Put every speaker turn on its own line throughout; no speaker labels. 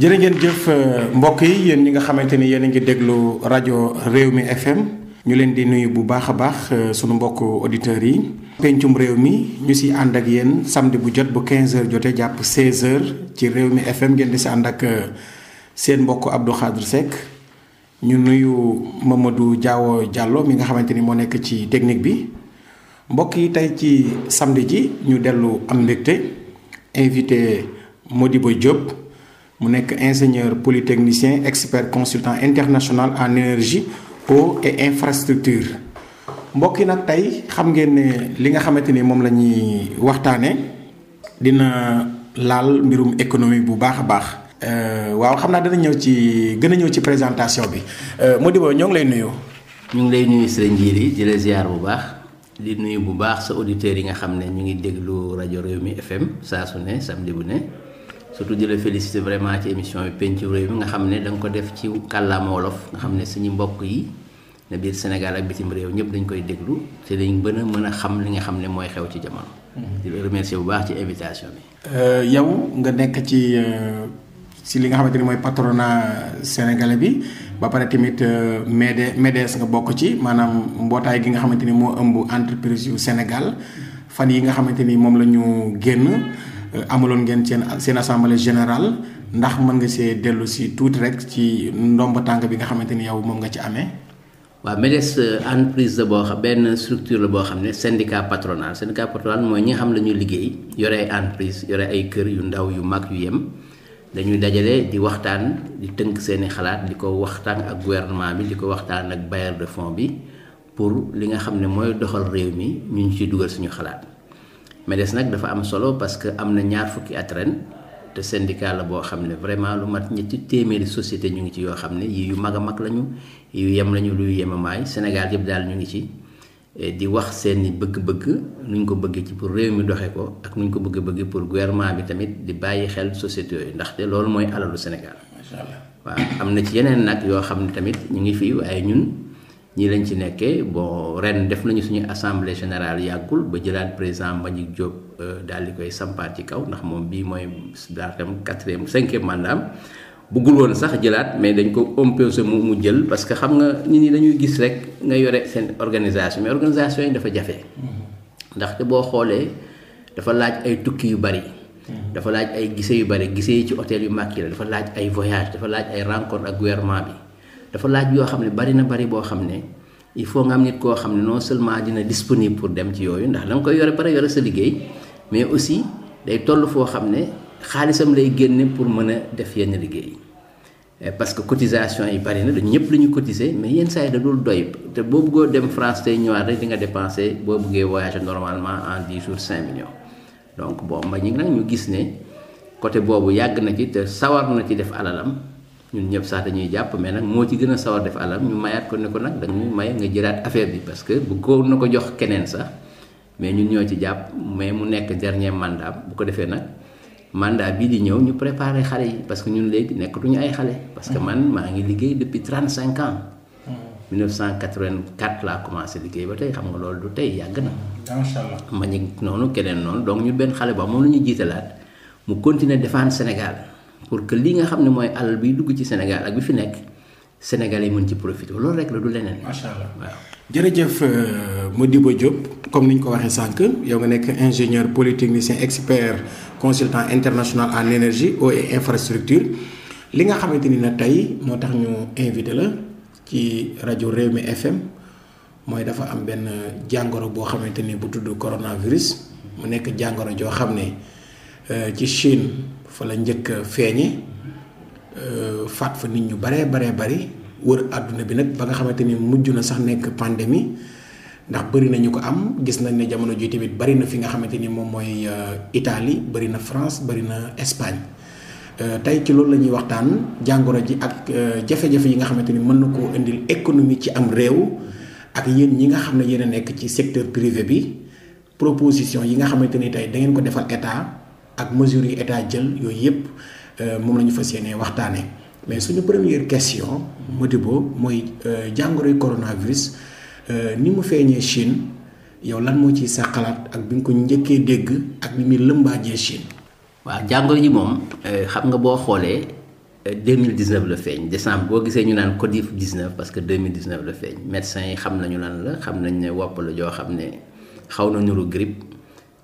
jërë ngeen jëf euh, mbokk yi yéen ñi nga xamante ni yéen a ngi déglu rajo réew mi FM ñu leen di nuyu bu baax a baax euh, sunu mbokk auditeurs yi. pencum réew mi ñu si ànd ak yéen samedi bu jot bu 15h jotee jàpp 16h ci réew mi FM ngeen di si ànd ak euh, seen mbokk Abdou Khadre Seck ñu nuyu Mamadou Diawo jàlloo mi nga xamante ni moo nekk ci technique bi mbokk yi tey ci samedi ji ñu dellu am mbégte invité Modibo Diop. mu nekk ingénieur polytechnicien expert consultant international en énergie eau et infrastructure mbokk yi nag tey xam ngeen ne li nga xamante ni moom la ñuy waxtaanee dina laal mbirum économie bu baax a baax. Euh, waaw xam naa dana ñëw ci gën a ñëw ci présentation bi euh, Modibo ñoo ngi lay nuyoo
ñu ngi lay nuyu sëriñ Ndiéli di la ziar bu baax di nuyu bu baax sa auditeurs yi nga xam ne ñu ngi déglu rajo réew mi FM saa su ne samedi bu ne. surtout di la féliciter vraiment ci émission bi pencum réew mi nga xam ne da nga ko def ci kàllaama wolof nga xam ne suñu mbokk yi na Sénégal ak bitim réew ñëpp dañ koy déglu te dañ gën a mën a xam li nga xam ne mooy xew ci jamono. di remercier bu baax ci invitation bi.
Euh, yow nga nekk ci si euh, li nga xamante ni mooy patronat sénégalais bi ba pare tamit MEDE euh, MEDES nga bokk ci maanaam mbootaay gi nga xamante ni moo ëmb entreprise yu Sénégal fan yi nga xamante ni moom la ñu génn. Euh, amaloon ngeen seen seen assemblée générale ndax mën nga see dellu si tuuti rek ci ndomba tàng bi nga xamante ni yow moom nga ci amee.
waa MEDES euh, entreprise la boo xam benn structure la boo xam ne syndicat patronal syndicat patronal mooy ñi xam la liggéey yore ay entreprise yore ay kër yu ndaw yu mag yu yem. dañuy dajale di waxtaan di tënk seeni xalaat di ko waxtaan ak gouvernement bi di ko waxtaan ak bailleur de fonds bi pour li nga xam ne mooy doxal réew mi ñu ngi ciy dugal suñu xalaat MEDES nag dafa am solo parce que am na ñaar fukki at ren te syndicat la boo xam ne vraiment lu mat ñetti téeméeri société ñu ngi ci yoo xam ne yii yu mag a mag lañu yu yem lañu luy yemamaay Sénégal yëpp daal ñu ngi ci eh, di wax seeni bëgg-bëgg nuñ ko bëgg ci pour réew mi doxe ko ak nuñ ko bëgg bëgg pour gouvernement bi tamit di bàyyi xel société yooyu ndaxte loolu mooy alalu Sénégal. macha allah am na ci yeneen nag yoo xam ne tamit ñu ngi fii waaye ñun. ñii lañ ci nekkee bon ren def nañu suñu assemblée général yàggul ba jëlaat président Mbagnick Diop euh, daal di koy sampaat ci kaw ndax moom bii mooy daatam quatrième cinquième mandat buggul woon sax jëlaat mais dañ ko imposé mu mu jël parce que xam nga nit ñi lañuy gis rek nga yore seen organisation mais organisation yi dafa jafe
mm-hmm.
ndaxte boo xoolee dafa laaj ay tukki yu bari mm-hmm. dafa laaj ay gise yu bari gise yi ci hôtel yu mag la dafa laaj ay voyage dafa laaj ay rencontre ak gouvernement bi dafa laaj yoo xam ne bari na bari boo xam ne il faut nga am nit koo xam ne non seulement dina disponible pour dem ci yooyu ndax danga nga koy yore pare yore sa liggéey mais aussi day toll foo xam ne xaalisam lay génne pour mën a def yenn liggéey eh, parce que cotisation yi bari na dañu ñëpp la ñu cotiser mais yenn saa yi da doy te boo bëggoo dem France tey ñëwaat rek di nga dépenser boo bëggee voyager normalement en 10 jours 5 millions donc boo ma ñi ngi nag ñu gis ne côté boobu yàgg na ci te na ci def alalam ñun ñëpp sax dañuy jàpp mais nag moo ci gën a sawar def alam ñu mayaat ko ne ko nag ñu may nga jëlaat affaire bi parce que bu góor na ko jox keneen sax mais ñun ñoo ci jàpp mais mu nekk dernier mandat bu ko defee nag mandat bii di ñëw ñu préparer xale yi parce que ñun léegi nekkatuñu ay xale. parce que man maa ngi liggéey depuis trent 35 ans. 1984 laa commencé liggéey ba tey xam nga loolu du tey yàgg na. macha ma ñu noonu keneen noonu donc ñu benn xale ba moom la ñu jiitalaat mu continuer défendre Sénégal. pour que li nga xam ne mooy alal bi dugg ci Sénégal ak bi fi nekk Sénégal yi mën ci profité loolu rek la du leneen. macha
allah waaw.
jërëjëf euh, Modibo Diop comme ni ñu ko waxee sànq yow nga nekk ingénieur polytechnicien expert consultant international en énergie eau et infrastructure li nga xamante ni na tey moo tax ñu invité la ci rajo réew mi FM mooy dafa am benn jàngoro boo xamante ni bu tudd coronavirus mu nekk jàngoro joo xam ne euh, ci Chine. fa la njëkk a feeñe euh, faat fa nit ñu baree baree bari wër àdduna bi nag ba nga xamante ni mujj na sax nekk pandémie ndax bëri nañu ko am gis nañ ne jamono ji tamit bëri na fi nga xamante ni moom mooy euh, Italie bëri na France bëri na Espagne euh, tey ci loolu la ñuy waxtaan jàngoro ji ak jafe-jafe yi nga xamante ni mën na koo indil économie ci am réew ak yéen ñi nga xam ne yéen nekk ci secteur privé bi proposition yi nga xamante ni tey da ngeen ko defal état ak mesures yi état jël yooyu yëpp euh, moom la ñu fa yéenee waxtaanee mais suñu première question. Modibo mooy jàngoro euh, jàngoroy coronavirus euh, ni mu feeñee Chine yow lan moo ci sa ak bi nga ko njëkkee dégg ak ni muy lëmbaajee Chine. waaw jàngoro ji moom xam nga boo xoolee
2019 la feeñ décembre boo gisee ñu naan Covid 19 parce que 2019 la feeñ médecins yi xam nañu lan la xam nañ ne wopp la joo xam ne xaw na nuru grippe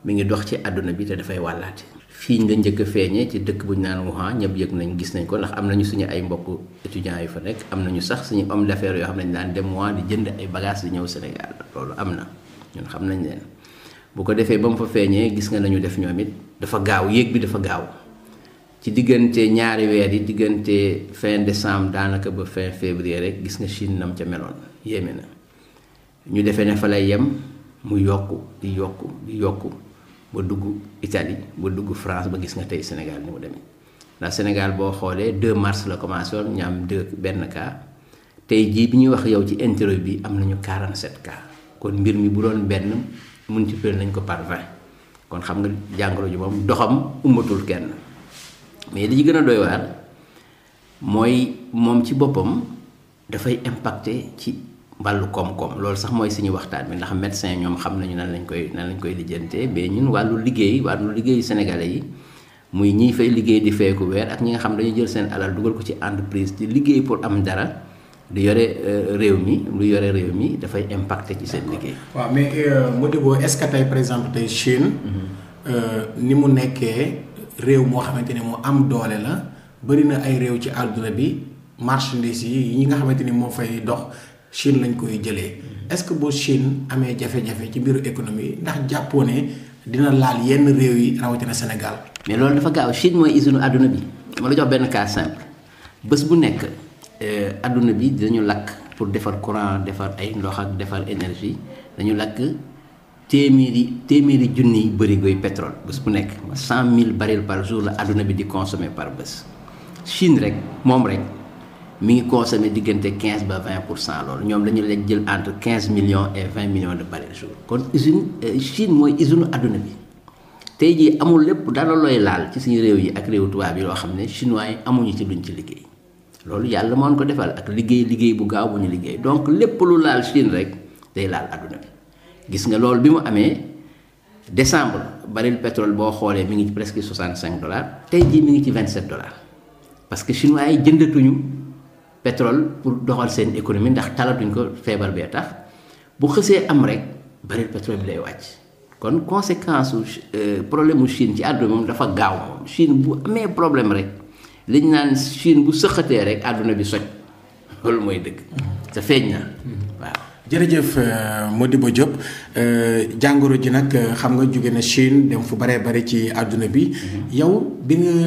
mu ngi dox ci àdduna bi te dafay wàllaate. fiiñ nga njëkk a feeñee ci dëkk bu ñu naan Wuhan ñëpp yëg nañ gis nañ ko ndax am nañu suñu ay mbokk étudiants yu fa nekk am nañu sax suñu om d'affaires yoo xam ne ñu dem Wuhan di jënd ay bagages di ñëw Sénégal loolu am na ñun xam nañ bu ko defee ba mu fa feeñee gis nga nañu def ñoom it dafa gaaw yéeg bi dafa gaaw ci diggante ñaari weer yi diggante fin décembre daanaka ba fin février rek gis nga Chine nam ca meloon yéeme na ñu defee ne fa lay yem mu yokk di yokku di yokku ba dugg Italie ba dugg France ba gis nga tey Sénégal ni mu demee ndax Sénégal boo xoolee 2 mars la commencé woon ñu am deux benn cas tey jii bi ñuy wax yow ci interview bi am nañu 47 cas kon mbir mi bu doon benn mun ci multiplier nañ ko par 20 kon xam nga jàngoro ji moom doxam umbatul kenn mais li ci gën a doy waar mooy moom ci boppam dafay impacté ci wàllu koom-koom loolu sax mooy suñu waxtaan bi ndax médecin ñoom xam nañu nan lañ koy nan lañ koy lijjantee mais ñun wàllu liggéey wàllu yi muy ñiy fay liggéey di feeku weer ak ñi nga xam dañuy jël seen alal dugal ko ci entreprise di liggéey pour am dara di yore euh, réew mi lu yore réew mi dafay impacté ci seen liggéey.
waaw mais euh, Modibo est-ce que tey par exemple tey Chine. Mm-hmm. Euh, ni mu nekkee réew moo xamante ne mu am doole la bëri na ay réew ci àdduna bi marchandise yi yi nga xamante ni moo fay dox. Chine lañ koy jëlee est-ce que boo Chine amee jafe-jafe ci mbiru économie ndax jàppoo ne dina laal yenn réew yi rawatina Sénégal. mais loolu dafa gaaw Chine mooy usine àdduna bi ma la jox benn cas
simple bés bu nekk àdduna euh, bi dinañu lakk pour defar courant defar ay ndox ak defar énergie dañu lakk téeméeri téeméeri junni bërigoy pétrole bés bu nekk cent mille barils par jour la àdduna bi di consommer par bés Chine rek moom rek. mi ngi consommé diggante quinze ba vingt pour cent loolu ñoom dañu leen jël entre quinze millions et vingt millions de barils jour kon usine euh, Chine mooy usine àdduna bi tey jii amul lépp dara looy laal ci suñu réew yi ak réew tubaab yi loo xam ne chinois yi amuñu ci luñ ci liggéey loolu yàlla moon ko defal ak liggéey liggéey bu gaaw bu ñu liggéey donc lépp lu laal Chine rek day laal adduna bi gis nga loolu bi mu amee décembre baril pétrole boo xoolee mi ngi ci presque 65 dollars tey jii mi ngi ci 27 dollars parce pétrole pour doxal seen économie ndax talatuñ ko feebar bee tax bu xësee am rek baril pétrole bi lay wàcc kon conséquence su euh, problème mu Chine ci àdduna moom dafa gaaw moom Chine bu amee problème rek li naan Chine bu sëqatee rek àdduna bi soj loolu mooy dëgg te feeñ na waaw.
jërëjëf euh, ba Diop euh, jàngoro ji nag xam nga jóge na Chine dem fu baree bari ci àdduna bi mm-hmm. yow bi nga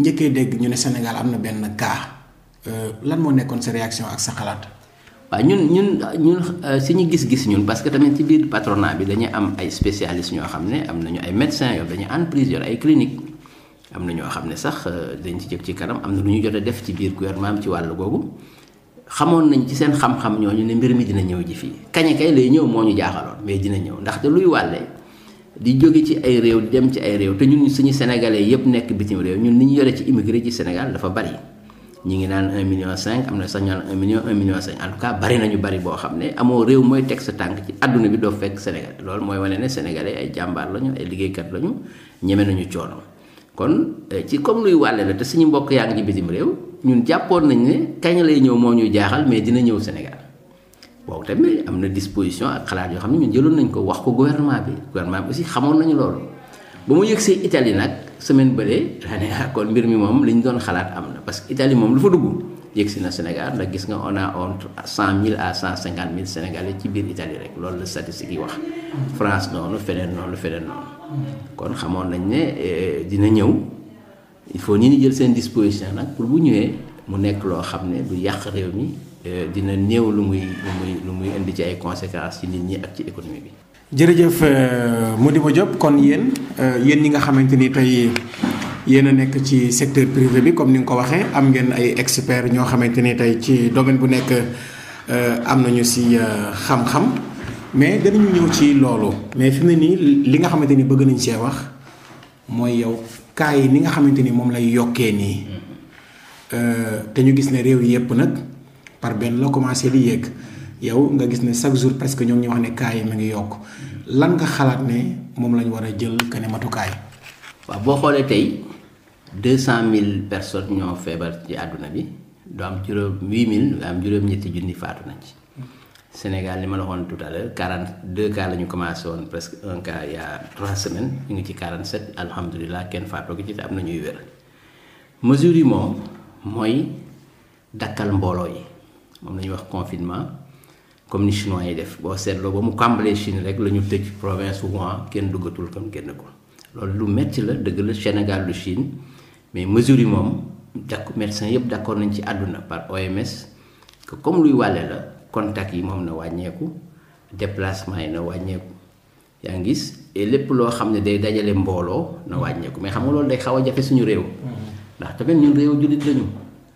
njëkkee dégg ñu ne Sénégal am na benn cas. Euh, lan moo nekkoon sa réaction ak sa xalaat. waaw ñun ñun ñun
euh, si ñu gis-gis ñun parce que tamit ci biir patronat bi dañuy am ay spécialistes ñoo xam ne am nañu ay médecins yow dañuy entreprise yor ay clinique am na ñoo xam ne sax euh, dañ ci jëm ci kanam am na lu ñu jot def ci biir gouvernement ci wàll googu xamoon nañ ci seen xam-xam ñooñu ne mbir mi dina ñëw ji fii kañ kay lay ñëw moo ñu jaaxaloon mais dina ñëw ndaxte luy wàllee di jóge ci ay réew dem ci ay réew te ñun suñu sénégalais yëpp nekk bitim réew ñun ni ñu yore ci immigré ci Sénégal dafa bari. ñi ngi naan 1 million 5 am na sax ñu naan 1 million 1 million 5 en tout cas bari bari boo xam ne amoo réew mooy teg sa tànk ci àdduna bi doo fekk Sénégal loolu mooy wane ne sénégalais ay jàmbaar lañu ay liggéeykat lañu ñeme nañu coono kon eh, ci comme luy wàlle la te suñu mbokk yaa ngi ci bitim réew ñun jàppoon nañ ne kañ lay ñëw moo ñuy jaaxal mais dina ñëw Sénégal boobu tamit am na disposition ak xalaat yoo xam ne ñun jëloon nañ ko wax ko gouvernement bi aussi xamoon nañu loolu. ba mu yëg see Italie nag semaine bële daa kon mbir mi moom li ñu doon xalaat am na parce que Italie moom lu fa dugg yëg si na Sénégal ndax gis nga on a entre cent mille à cent cinquante mille sénégalais ci biir Italie rek loolu la statistiques yi wax. France noonu feneen noonu feneen noonu. kon xamoon nañ ne eh, dina ñëw il faut ñu ni jël seen disposition nag pour bu ñëwee mu nekk loo xam ne du yàq réew mi eh, dina néew lu muy lu muy lu muy indi ci ay conséquences ci nit ñi ak ci économie bi.
jërëjëf euh, Modibo Diop kon yéen euh, yéen ñi nga xamante ni tey yéen a nekk ci secteur privé bi comme ni nga ko waxee am ngeen ay experts ñoo xamante ni tey ci domaine bu nekk euh, am nañu si xam-xam mais danañu ñëw ci loolu. mais fi mu nii li nga xamante ni bëgg nañ see wax mooy yow cas yi ni nga xamante ni moom lay yokkee nii mm-hmm. te ñu gis ne réew yépp nag par benn la commencé li yéeg. yow nga gis ne chaque jour presque ñoom ngi wax ne cas yi mu ngi yokk lan nga xalaat ne moom lañu war a jël que ne matukaay.
waaw boo xoolee tey deux cent mille personnes ñoo feebar ci àdduna bi doo am juróom huit mille am juróom-ñetti junni faatu nañ ci. Sénégal li ma la waxoon tout quarante deux cas la ñu commencé woon presque un cas il y a trois semaines ñu ngi ci quarante sept alhamdulilah kenn faatoo ko ci te am na ñuy wér mesure yi moom mooy dakkal mbooloo yi moom la wax confinement. comme ni chinois yi def boo seetloo ba mu kàmbalee Chine rek la ñu tëj province Wuhan kenn duggatul kon génn ko loolu lu metti la dëgg la Sénégal du Chine mais mesure yi moom d'accord médecin yëpp d'accord nañ ci àdduna par OMS que comme luy wàlle la contact yi moom na wàññeeku déplacement yi na wàññeeku yaa ngis lépp loo xam ne day dajale mbooloo na wàññeeku mais xam nga loolu day xaw a jafe suñu réew
mm-hmm.
ndax tamit ñun réew jullit lañu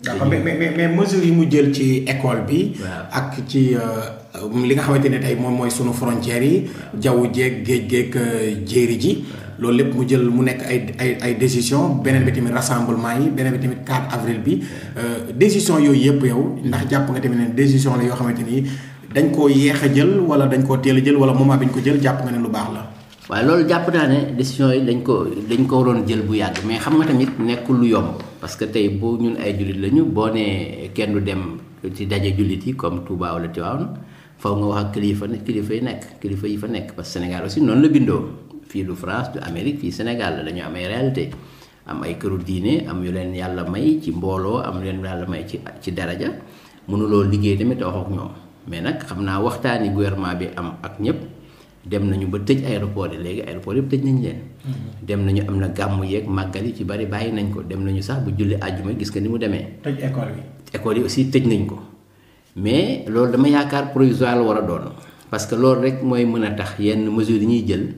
d'accord mais mais mais mesures yi mu jël ci école bi. ak ci euh, li nga xamante ne tey moom mooy sunu frontières yi. jaww jeeg géej géeg euh, jéeri ji. loolu lépp mu jël mu nekk ay ay ay décision beneen bi tamit rassemblement yi beneen bi tamit 4 avril bi euh, décision yooyu yëpp yow ndax jàpp nga tamit ne décision yoo xamante ni dañ koo yeex a jël wala dañ koo teel a jël wala moment bi ko jël jàpp nga ne lu baax la. waaw loolu jàpp naa ne décision
yi dañ ko dañ ko waroon jël bu yàgg mais xam nga tamit nekkul lu yomb. parce que tey boo ñun ay jullit lañu boo nee kenn du dem ci daje jullit yi comme Touba wala Tivaouane faw nga wax ak kilifa kilifa yi nekk kilifa yi fa nekk parce Sénégal aussi noonu la bindoo fii du France du Amérique fii Sénégal dañu am ay réalité am ay këru diine am yu leen yàlla may ci mbooloo am leen yàlla may ci ci daraja mënuloo liggéey tamit wax ak ñoom mais nag xam naa waxtaani gouvernement bi am ak ñëpp. dem nañu ba tëj aéroport yi léegi aéroport yëpp tëj nañ leen. Mm-hmm. dem nañu am na gàmmu yeeg màggal yi ci bari bàyyi nañ ko dem nañu sax bu julli àjjuma gis nga ni mu demee.
tëj école yi.
école yi nañ ko mais loolu dama yaakaar provisoire la war a doon parce que loolu rek mooy mën a tax yenn mesures yi ñuy jël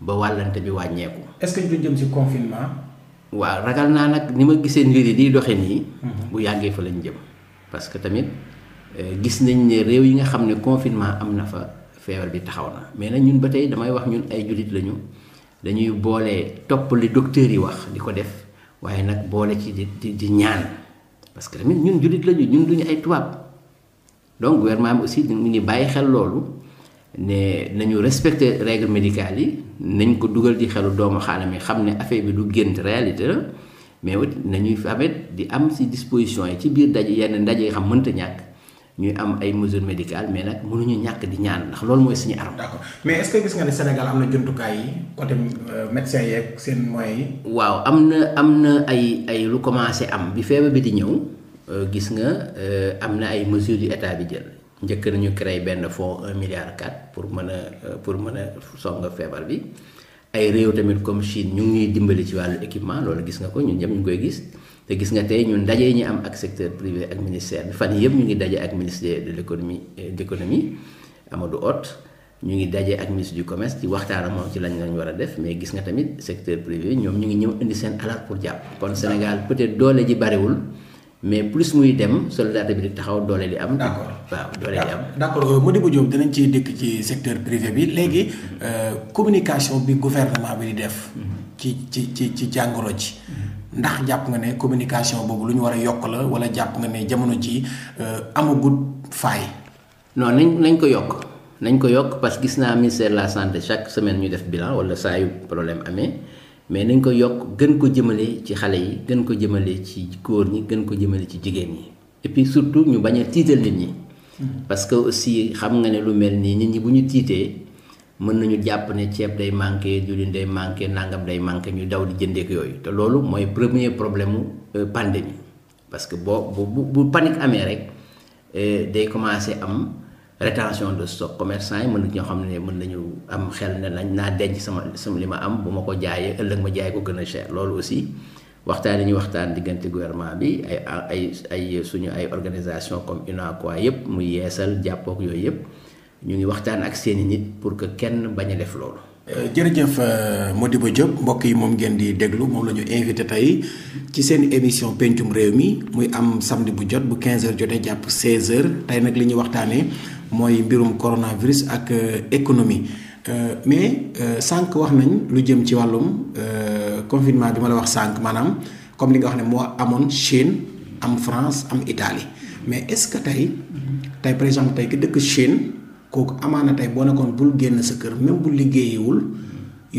ba wàllante bi wàññeeku.
est-ce que ñu jëm ci confinement.
waaw ragal naa nag ni ma gisee mbir yi di doxe nii. Mm-hmm. bu yàggee fa lañ jëm. parce que tamit euh, gis nañ ne réew yi nga xam ne confinement am na fa. feebar bi taxaw na mais nag ñun ba tey damay wax ñun ay jullit lañu dañuy boole topp li docteur yi wax di ko def waaye nag boole ci di di ñaan parce que tamit ñun jullit lañu ñun duñu ay tubaab donc gouvernement bi aussi mu ngi bàyyi xel loolu ne nañu respecté règles médicales yi nañ ko dugal ci xelu doomu xaalam yi xam ne affaire bi du gént réalité la mais nañuy famet di am si disposition yi ci biir daje yenn ndaje yi xam mënta ñàkk. ñuy am ay mesures médical mais nag ñu ñàkk di ñaan ndax loolu mooy suñu arme. d'accord
mais est-ce que gis nga ne Sénégal am na jumtukaay yi côté euh, médecins yeeg seen moyens yi.
waaw am na am na ay ay lu commencé am bi feebar bi di ñëw euh, gis nga euh, am na ay mesures yu état bi jël njëkk nañu créé benn fonds un milliard quatre pour mën a pour mën a song feebar bi ay réew tamit comme Chine ñu ngi dimbali ci wàllu équipement loolu gis nga ko ñun ñëpp ñu koy gis. te gis nga tey ñun ndaje yi ñu am ak secteur privé ak ministère fan yëpp ñu ngi daje ak ministère de l' économie d' ot ñu ngi daje ak ministre du commerce ci waxtaan moom ci lañ lañ war a def mais gis nga tamit secteur privé ñoom ñu ngi ñëw indi seen alal pour jàpp. kon Sénégal peut-être doole ji bariwul mais plus muy dem solidarité bi di taxaw doole di am. d'accord
waaw doole di am. d'accord euh, Modibo Diop dinañ ci dëkk ci secteur privé bi mm-hmm. léegi euh, communication bi gouvernement bi di def. Mm-hmm. ci ci ci ci jàngoro ji. Mm-hmm. ndax jàpp nga ne communication boobu lu ñu war a yokk la wala jàpp nga ne jamono ji euh, amagut faay. non nañ nañ ko yokk
nañ ko yokk parce que gis naa ministère de la santé chaque semaine ñu def bilan wala saa yu problème amee mais nañ ko yokk gën ko jëmale ci xale yi gën ko jëmale ci góor ñi gën ko jëmale ci jigéen ñi. et surtout ñu bañ a tiital nit ñi. Hmm. parce que aussi xam nga ne lu mel nii nit ñi bu ñu tiitee. mën nañu jàpp ne ceeb day manqué diwlin day manqué nangam day manqué ñu daw di jëndeek yooyu te loolu mooy premier problème mu euh, pandémie parce que boo bu bu panique amee rek euh, day commencé am rétention de so commerçant yi mën na ñoo xam ne mën nañu am xel ne nañ naa denc sama sama li ma am bu ma ko jaayee ëllëg ma jaay ko gën a cher loolu aussi waxtaan yi ñu waxtaan diggante gouvernement bi ay ay ay suñu ay organisation comme UNACOIS yëpp muy yeesal jàppook yooyu yëpp ñu ngi waxtaan ak seeni nit pour que kenn bañ a def
loolu. Euh, jërëjëf euh, Modibo Diop mbokk yi moom ngeen di déglu moom la ñu invité tey ci seen émission pencum réew mi muy am samedi bu jot bu 15h jotee jàpp 16h tey nag li ñuy waxtaanee mooy mbirum coronavirus ak euh, économie mais sànq wax nañ lu jëm ci wàllum confinement bi ma la wax sànq maanaam comme li nga wax ne moo amoon Chine am France am Italie mais est-ce que tey tey par tey ki dëkk Chine. kooku amaana tey boo nekkoon bul génn sa kër même bu liggéeyiwul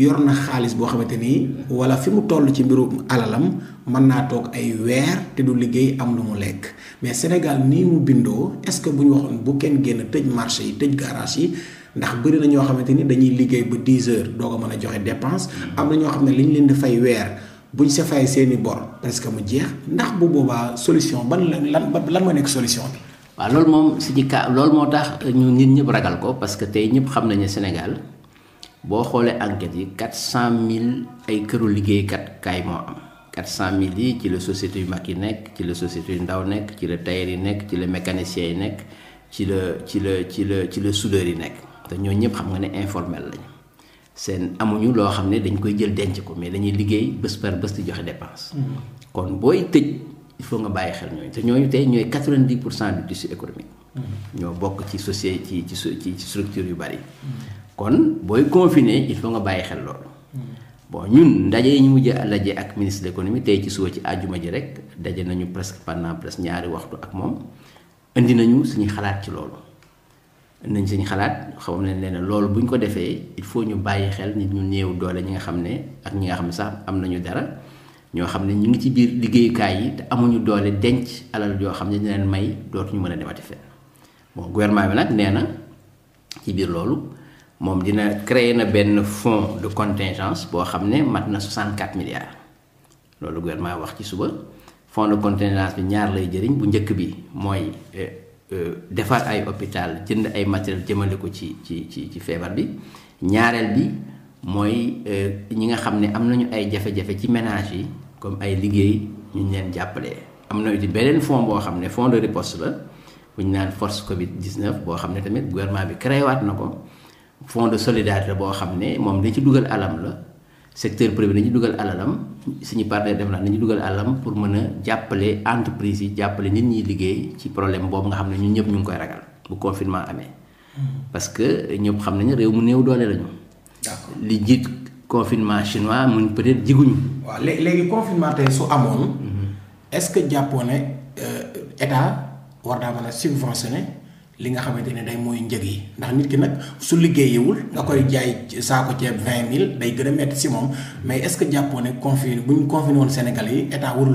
yor na xaalis boo xamante ni wala fi mu toll ci mbiru alalam mën naa toog ay weer te du liggéey am lu mu lekk mais Sénégal nii mu bindoo est-ce que bu ñu waxoon bu kenn génn tëj marché yi tëj garage yi ndax bëri na ñoo xamante ni dañuy liggéey ba 10 heure doo ko mën a joxe dépense am na ñoo xam ne li ñu leen di fay weer buñ sa fay seeni bor presque mu jeex ndax bu boobaa solution ban lan lan lan moo nekk solution bi. waaw moom si ka loolu moo tax ñu nit ñëpp ragal
ko parce que tey ñëpp xam nañu Sénégal boo xoolee enquêtes yi quatre cent mille ay këru liggéeykat kaay moo am quatre cent mille yi ci la société yu mag yi nekk ci la société yu ndaw nekk ci la tailleur yi nekk ci la mécanicien yi nekk ci la ci la ci la ci la soudeur yi nekk te ñoo ñëpp xam nga ne informel lañu seen amuñu loo xam ne dañ koy jël denc ko mais dañuy liggéey bés par bés di joxe dépense mm-hmm. kon booy tëj il faut nga bàyyi xel ñooñu te ñooñu tey ñooy quatre vingt pour cent du tissu économique. Mm-hmm. ñoo bokk ci société ci ci ci structure yu bari. Mm-hmm. kon booy confiné il faut nga bàyyi xel loolu. Mm-hmm. bon ñun ndaje yi ñu mujj a ak ministre de l'économie tey ci suba ci àjjuma ji rek daje nañu presque pendant presque ñaari waxtu ak moom indi nañu suñu xalaat ci loolu. nañ suñu xalaat xam nañ leen ne loolu bu ñu ko defee il faut ñu bàyyi xel nit ñu néew doole ñi nga xam ne ak ñi xam ne sax am nañu dara. ñoo xam ne ñu ngi ci biir liggéeyukaay yi te amuñu doole denc alal yoo xam ne dina leen may dootuñu mën a demati fenn bon gouvernement bi nag nee na ci biir loolu moom dina créer na benn fonds de contingence boo xam ne mat na 64 milliards loolu gouvernement wax ci suba fonds de contingence bi ñaar lay jëriñ bu njëkk bi mooy euh, euh, defar ay hôpital jënd ay matériel jëmale ko ci ci ci ci feebar bi ñaareel bi mooy euh, ñi nga xam ne am nañu ay jafe-jafe ci ménage yi comme ay liggéey ñu leen jàppale am na it beneen fonds boo xam ne fonds de riposte la bu ñu naan force Covid 19 boo xam ne tamit gouvernement bi créé waat na ko fonds de solidarité boo xam ne moom dañ ci dugal alam la secteur privé dañu dugal alalam suñu partenaire def la nañu dugal alam pour mën a jàppale entreprise yi jàppale nit ñi liggéey ci problème boobu nga xam ne ñun ñëpp ñu ngi koy ragal bu confinement amee. Hmm. parce que ñëpp xam nañu réew mu néew doole lañu. li jiit confinement chinois mun peut-être jiguñu.
waaw léegi confinement tey su amoon. Mhm. est-ce que jàppoo ne euh, état war naa mën a subventionné li nga xamante ne day mooy njëg yi ndax nit ki nag su liggéeyewul nga koy jaay saako ceeb vingt mille gën a metti si moom mais est-ce que jàppoo ne confiné bu ñu confiné woon Sénégal yi état warul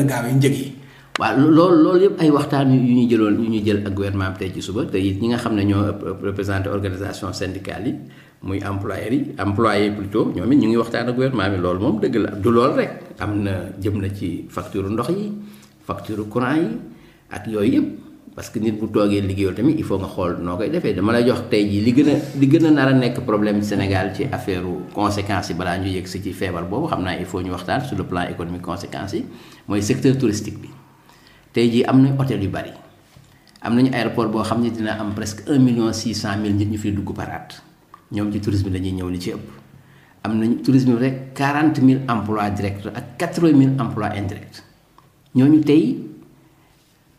a gaawee njëg yi.
waaw loolu loolu ay waxtaan yu ñu jëloon yu ñu jël ak gouvernement tey ci suba te ñi nga xam ne ñoo représenté organisation syndicale yi. muy employeur yi employé plutôt ñoom it ñu ngi waxtaan a gouvernement bi loolu moom dëgg la du loolu rek am na jëm na ci facture ndox yi facture courant yi ak yooyu yëpp parce que nit bu toogee liggéeyoo tamit il faut nga xool noo koy defee dama lay jox tey ji li gën a li gën a nar a nekk problème Sénégal ci affaire conséquences yi balaa ñu yëg si ci feebar boobu xam naa il faut ñu waxtaan sur le plan économique conséquences yi mooy secteur touristique bi tey jii am na hôtel yu bari am nañu aéroport boo xam ne am presque un million cent mille nit ñu fiy dugg par at ñoom ci tourisme dañuy ñëw li ci ëpp am nañu tourisme rek quarante mille emplois directs ak quatre mille emplois indirects ñooñu tey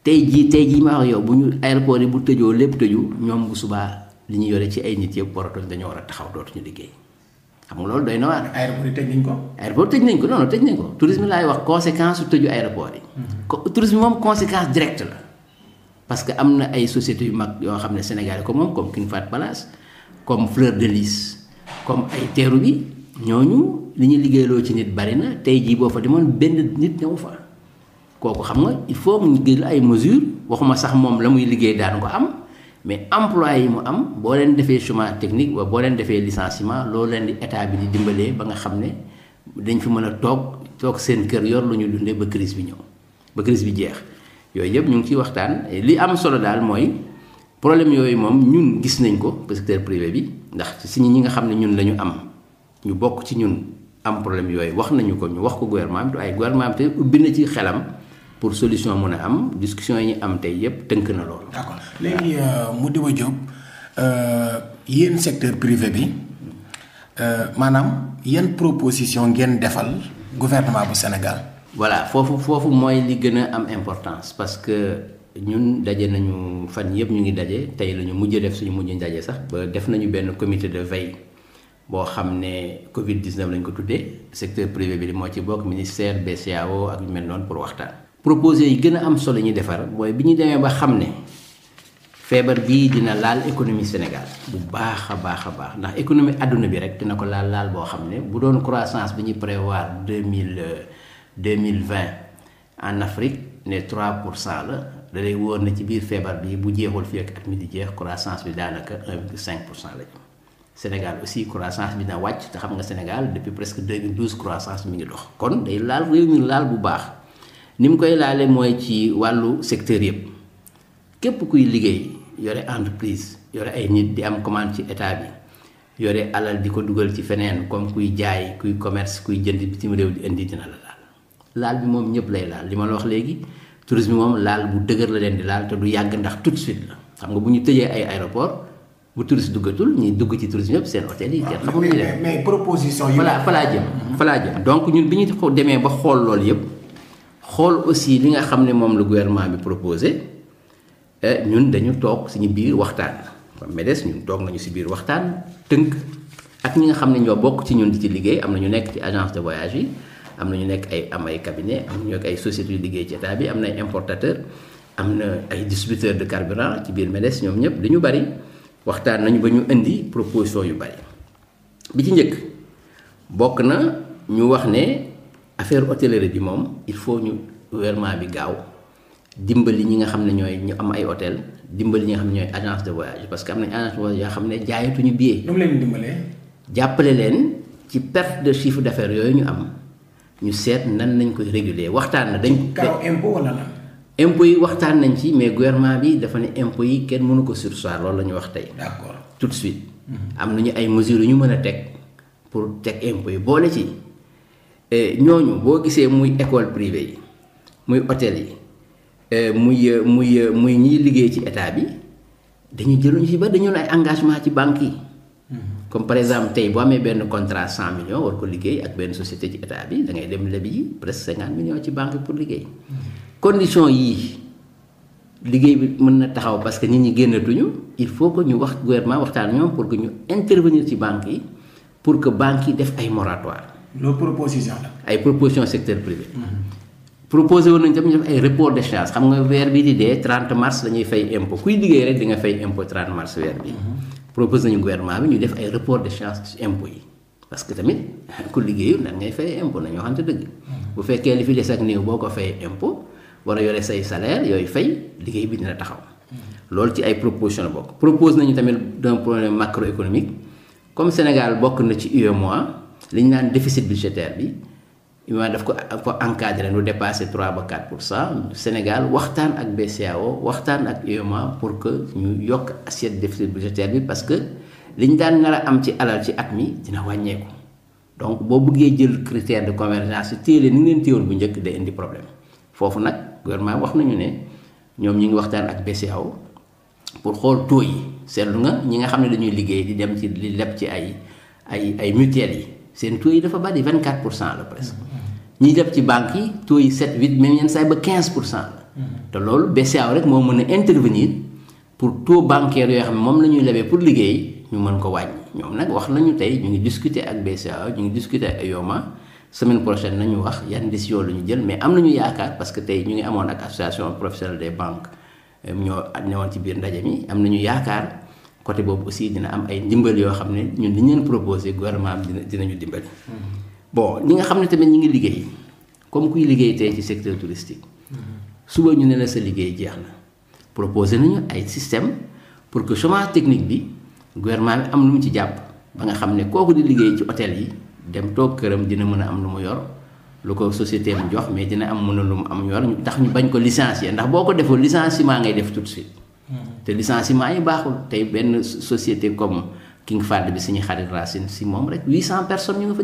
tey jii tey jii ma wax yow bu ñu aéroport yi bu tëjoo lépp tëju ñoom bu subaa li ñu yore ci ay nit yëpp waratoon dañoo war a taxaw dootuñu liggéey xam nga loolu doy na waar. aéroport yi tëj nañ ko. aéroport tëj nañ ko noonu non tëj nañ ko tourisme laay wax conséquence su tëju aéroport yi. Mm-hmm. tourisme moom conséquence directe la. parce que am na ay sociétés yu mag yoo xam ne Sénégal ko moom comme King Fahd comme fleur de lys comme ay teeru bi ñooñu li ñu liggéeyloo ci nit bari na tey jii boo fa demoon benn nit ñëw fa kooku xam nga il faut mu jël ay mesures waxuma sax moom la muy liggéey daan ko am mais employé yi mu am boo leen defee chômage technique wa boo leen defee licenciement loo leen di état bi di dimbalee ba nga xam ne dañ fi mën a toog toog seen kër yor lu ñu dundee ba crise bi ñëw ba crise bi jeex yooyu yëpp ñu ngi ciy waxtaan li am solo daal mooy. problème yooyu moom ñun gis nañ ko secteur privé bi ndax si ñi nga xam ne ñun la am ñu bokk ci ñun am problème yooyu wax nañu ko ñu wax ko gouvernement bi waaye gouvernement bi te ubbi na ci xelam pour solution mun a am discussion yi ñu am tey yépp tënk na loolu.
mu léegi euh, Modibo Diop euh, yéen secteur privé bi euh, maanaam yan proposition ngeen defal gouvernement bu Sénégal. voilà foofu foofu mooy li gën a am importance
parce que. ñun daje nañu fan yëpp ñu ngi daje tey la ñu mujj def suñu mujj daje sax ba def nañu benn comité de veille boo xam ne Covid 19 lañ ko tuddee secteur privé bi moo ci bokk ministère BCEAO ak yu mel noonu pour waxtaan. proposé yi gën a am solo ñu defar booy bi ñu demee ba xam ne feebar bii dina laal économie Sénégal bu baax a baax a baax ndax économie àdduna bi rek dina ko laal laal boo xam ne bu doon croissance bi ñuy prévoir deux mille euh, deux mille vingt en Afrique ne 3 pour cent la. da lay wóor na ci biir feebar bi bu jeexul fii ak at mi di jeex croissance bi daanaka cinq pour cent la ñu Sénégal aussi croissance bi na wàcc te xam nga Sénégal depuis presque 2012 croissance mi ngi dox kon day laal réew mi laal bu baax ni mu koy laalee mooy ci wàllu secteur yëpp képp kuy liggéey yore entreprise yore ay nit di am commande ci état bi yore alal di ko dugal ci feneen comme kuy jaay kuy commerce kuy jënd bitim réew di indi dina laal bi moom ñëpp lay laal li ma la wax léegi. tourisme moom laal bu dëgër la leen di laal te du yàgg ndax tout de suite la xam nga bu ñu tëjee ay aéroport bu touriste duggatul ñuy dugg ci tourisme yëpp seen hôtel yi kenn xamul ñu def mais
proposition yi voilà fa
donc ñun bi ñu demee ba xool loolu yëpp xool aussi li nga xam ne moom la gouvernement bi proposé eh, ñun dañu toog suñu biir waxtaan comme MEDES ñun toog nañu si biir waxtaan tënk ak ñi nga xam ne ñoo bokk ci ñun di ci liggéey am na ñu nekk ci agence de voyage yi am na ñu nekk ay am ay cabinet am na ay sociétés yu liggéey ci état bi am na ay importateur am na ay distributeur de carburant ci biir MEDES ñoom ñëpp dañu bari waxtaan nañu ba ñu indi proposition yu bari bi ci njëkk bokk na ñu wax ne affaire hôtellerie bi moom il faut ñu gouvernement bi gaaw dimbali ñi nga xam ne ñooy ñu am ay hôtel dimbali ñi nga xam ne ñooy agence de voyage parce que am nañ agence de voyage yoo xam ne jaayatuñu billet. nu jàppale leen ci perte de chiffre d'affaires yooyu ñu am. ñu seet nan nañ koy réguler waxtaan na dañ kaw impôt la impôt yi waxtaan nañ ci mais gouvernement bi dafa ne impôt yi kenn mënu ko sursoir loolu la ñu wax tey d'accord tout de suite mhm. am ñu ay mesures yu ñu mën a teg pour teg impôt yi boole ci eh, ñooñu boo gisee muy école privée yi muy hôtel yi eh, muy muy muy ñiy liggéey ci état bi dañuy jëluñu ci ba dañu ay engagement ci banque yi comme par exemple tey boo amee benn contrat cent millions war ko liggéey ak benn société ci état bi da dem lebi yi presque cinquante millions ci banque bi pour liggéey condition yii liggéey bi mën na taxaw parce que nit ñi génnatuñu il faut que ñu wax gouvernement waxtaan ñoom pour que ñu intervenir ci banque yi pour que banques yi def ay moratoire
loolu proposition
ay proposition secteur privé.
Mm-hmm.
proposé woon nañu tamit def ay report d'échéance xam nga weer bi di dee 30 mars dañuy fay impôt kuy liggéey rek di nga fay impôt 30 mars weer bi. Mm-hmm. propose nañu gouvernement bi ñu def ay report d'échéance ci impo yi parce que tamit ku liggéeyul nan ngay fay impôt nañoo xam te dëgg bu fekkee li fi des ak néew boo ko fayee impôt war yore say salaire yooyu fay liggéey bi dina taxaw loolu ci ay proposition la bokk propose nañu tamit d'un problème macroéconomique comme Sénégal bokk na ci u UEMOA li ñu naan déficit budgétaire bi UEMOA daf ko ak ko encadré lu dépassé 3 ba 4 pour cent Sénégal waxtaan ak BCEAO waxtaan ak UEMOA pour que ñu yokk assiette déficit budgétaire bi parce que li ñu daan nar a am ci alal ci at mi dina wàññeeku donc boo bëggee jël critère de convergence téele ni leen téewoon bu njëkk day indi problème foofu nag gouvernement wax nañu ne ñoom ñu ngi waxtaan ak BCEAO pour xool taux yi seetlu nga ñi nga xam ne dañuy liggéey di dem ci li leb ci ay ay ay mutuelles yi seen yi dafa bari 24 pour cent ñiy def ci banque yi taux yi 7 8 même yenn saa yi ba 15 pour cent hmm. te loolu BCEAO rek moo mën a intervenir pour taux bancaire yoo xam ne moom la ñuy lebee pour liggéey ñu mën ko wàññi ñoom nag wax nañu tey ñu ngi discuter ak BCEAO ñu ngi discuter ak IOMA semaine prochaine nañu wax yan décision la ñu jël mais am nañu yaakaar parce que tey ñu ngi amoon ak association professionnelle des banque euh, ñoo newoon ci biir ndaje mi am nañu yaakaar côté boobu aussi dina am ay ndimbal yoo xam ne ñun li leen proposé gouvernement bi dina dinañu dimbali. Hmm. bon ñi nga xam ne tamit ñi ngi liggéey comme kuy liggéey tey ci secteur touristique suba ñu ne la sa liggéey jeex na proposé nañu ay système pour que chômage technique bi gouvernement bi am lu mu ci jàpp ba nga xam ne kooku di liggéey ci hôtel yi dem toog këram dina mën a am lu mu yor lu ko société am jox mais dina am mën a lu mu am yor ñu tax ñu bañ ko licencier ndax boo ko defoo licenciement ngay def tout de suite hmm. te licenciement yi baaxul tey benn société comme King Fahd bi suñu xarit Racine si moom rek 800 personnes ñu nga fa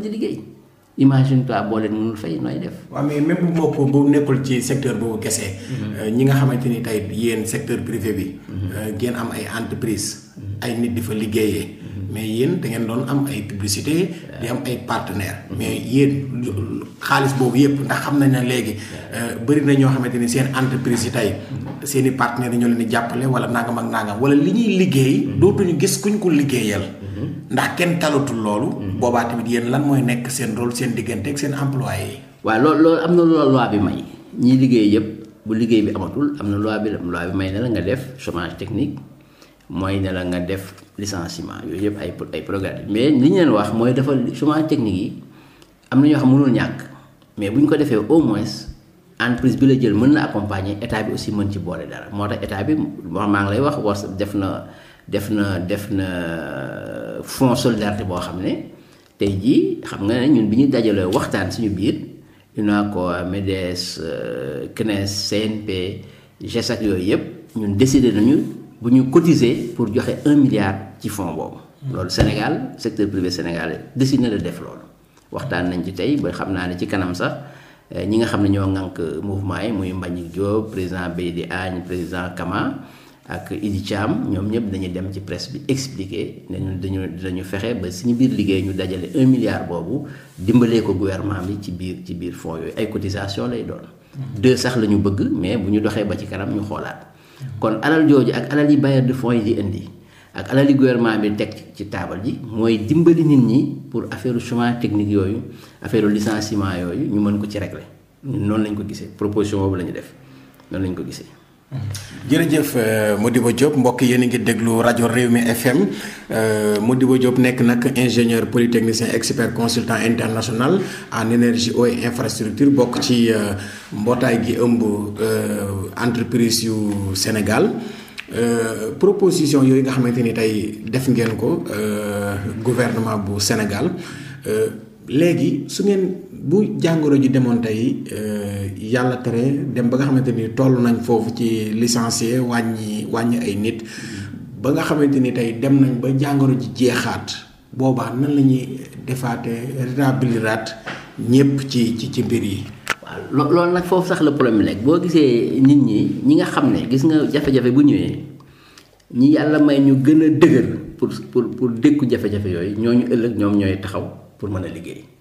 imagine toi boo leen mënul fay nooy def.
waaw mais même bu ma ko bu nekkul ci secteur boobu kese. Mhm. ñi nga xamante ni tey yéen secteur privé bi. Mhm. Euh, ngeen am ay entreprise ay nit di fa liggéeyee. Mhm. mais yéen da ngeen doon am ay publicité di am ay partenaires. mais yéen xaalis boobu yëpp ndax xam nañ ne léegi euh, bëri na ñoo xamante ni seen entreprise yi tey seen i partenaires yi ñoo leen di jàppale wala nangam naa nangam wala li ñuy liggéey. dootuñu gis kuñ ko liggéeyal. Mhm. ndax kenn talatul loolu. Mhm. boobaa bi yéen lan mooy nekk seen rôle seen diggante ak seen employé yi. waaw loolu loolu am na loolu loi bi may ñi liggéey yëpp bu liggéey bi
amatul am na loi bi loi bi may ne nga def chômage technique mooy ne la nga def licenciement yooyu yëpp ay ay programme mais li ñu leen wax mooy dafa chômage technique yi am na ñoo xam mënul ñàkk mais bu ñu ko defee au moins. entreprise bi la jël mën na accompagner état bi aussi mën ci boole dara moo tax état bi maa ngi lay wax war def na def na def na fonds solidarité boo xam ne tey jii xam nga ne ñun bi ñu dajalee waxtaan suñu biir UNACOIS MEDES euh, CNES CNP GESAC yooyu yëpp ñun décidé nañu bu ñu cotiser pour joxe un milliard ci fonds boobu.
Hmm. loolu Sénégal
secteur privé sénégal décidé na def loolu. waxtaan nañ ci tey ba xam naa ne ci kanam sax euh, ñi nga xam ne ñoo ŋànk mouvement yi muy Mbagnick Diop président Beydi Agne président Kama. ak Idi Thiam ñoom ñëpp dañuy dem ci presse bi expliquer ne ñun dañu dañu fexe ba suñu biir liggéey ñu dajale un milliard boobu dimbalee ko gouvernement bi ci biir ci biir fonds yooyu ay cotisation lay doon. deux sax la ñu bëgg mais bu ñu doxee ba ci kanam ñu xoolaat. kon alal jooju ak alal yi bailleur de fonds yi di indi ak alal yi gouvernement bi teg ci taabal ji mooy dimbali nit ñi pour affaire chômage technique yooyu affaire
licenciement yooyu ñu mën ko ci régler. noonu lañ ko gisee proposition boobu la ñu def lañ ko gisee. jërëjëf euh, Modibo Diop mbokk yéen ngi déglu rajo réew mi FM euh, Modibo Diop nekk nag ingénieur polytechnicien expert consultant international en énergie o et infrastructure bokk ci euh, mbootaay gi ëmb entreprise yu Sénégal proposition yooyu nga xamante ni tey def ngeen ko gouvernement bu Sénégal léegi su ngeen bu jàngoro ji demoon tey euh, yàlla tere dem ba nga xamante ni toll nañ foofu ci licencié wàññi wàññi ay nit ba nga xamante ni tey dem nañ ba jàngoro ji jeexaat boobaa nan la ñuy defaate rétablir ñëpp ci ci ci mbir yi. waaw loolu nag foofu sax la problème nekk boo gisee nit ñi
ñi nga xam ne gis nga jafe-jafe bu ñëwee ñi yàlla may ñu gën a dëgër pour pour pour dékku jafe-jafe yooyu ñooñu ëllëg ñoom ñooy taxaw pour mën a liggéey.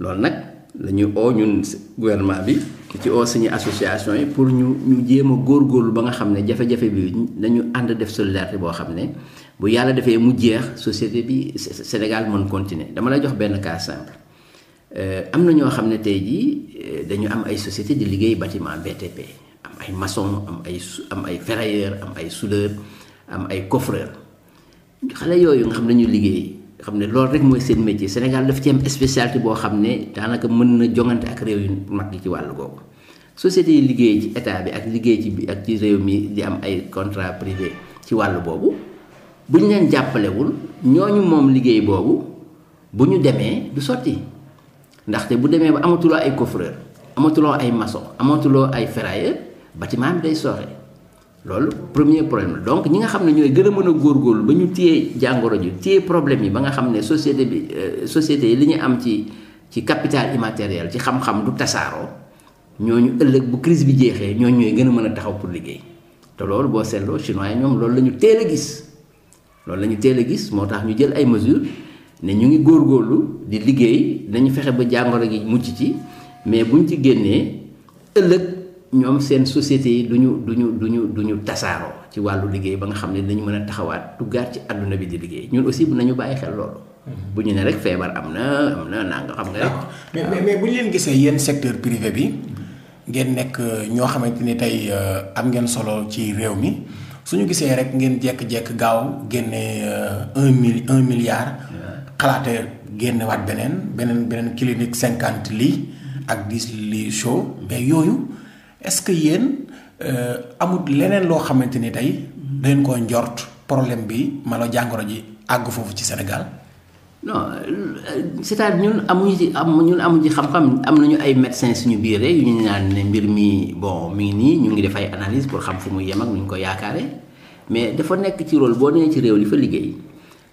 loolu nag la ñuy oo ñun gouvernement bi ci oo suñu association yi pour ñu ñu jéem a góorlu ba nga xam ne jafe-jafe bi dañu ànd def solidarité boo xam ne bu yàlla defee mu jeex société bi Sénégal mën continuer dama lay jox benn cas simple euh, am na ñoo xam ne tey jii euh, dañu am ay société di liggéey bâtiment BTP am ay maçon am ay su am ay ferrailleur am ay soudeur am ay coffreur xale yooyu nga xam ne dañu liggéey xam ne loolu rek mooy seen métier Sénégal daf ci am spécialité boo xam ne daanaka mën na jongante ak réew yu mag yi ci wàllu googu société yi liggéey ci état bi ak liggéey ci bi ak ci réew mi di am ay contrat privé ci wàllu boobu buñ leen jàppalewul ñooñu moom liggéey boobu bu ñu demee du sotti ndaxte bu demee ba amatuloo ay coffreur amatuloo ay maso amatuloo ay ferrailleur bâtiment bi day sooxe loolu premier problème donc ñi nga xam ne ñooy gën a mën a góorlu ba ñu téye jàngoro ji téye problème yi ba nga xam ne société bi euh, société yi li ñu am ci ci capital immatériel ci xam-xam du tasaaroo ñu ëllëg bu crise bi jeexee ñooñu ñooy gën a mën a taxaw pour liggéey te loolu boo seetloo chinois yi ñoom loolu lañu ñu a gis loolu lañu ñu teel a gis moo tax ñu jël ay mesures ne ñu ngi góor góorlu di liggéey dañu fexe ba jàngoro gi mucc ci mais buñ ci génnee ëllëg. ñoom seen société yi du ñu du ñu du ñu du ñu tasaaroo ci wàllu liggéey ba nga xam ne dañu mën a taxawaat tuggaat ci àdduna bi di
liggéey ñun aussi bu nañu bàyyi xel loolu. Mhm. bu ñu ne rek feebar am na am na naa nga xam nga rek. mais mais bu ñu leen gisee yéen secteur privé bi ngeen nekk euh, ñoo xamante ni tey euh, am ngeen solo ci réew mi suñu gisee rek ngeen jekk-jekk gaaw génne euh, un mil un milliard. xalaate génne waat beneen beneen beneen clinique cinquante lii ak dix lii show mais yooyu. est-ce que yéen euh, amut leneen loo xamante ni tey dañ koo njort problème bi mala jàngoro ji àgg foofu ci Sénégal. no euh,
cest ñun amuñu ci am ñun amuñu ci xam-xam am nañu ay médecins suñu biir yu ñu naan ne mbir mi bon mi ngi nii ñu ngi def ay analyse pour xam fu muy yem ak nu ko yaakaare mais dafa nekk ci rôle boo nee ci réew li fa liggéey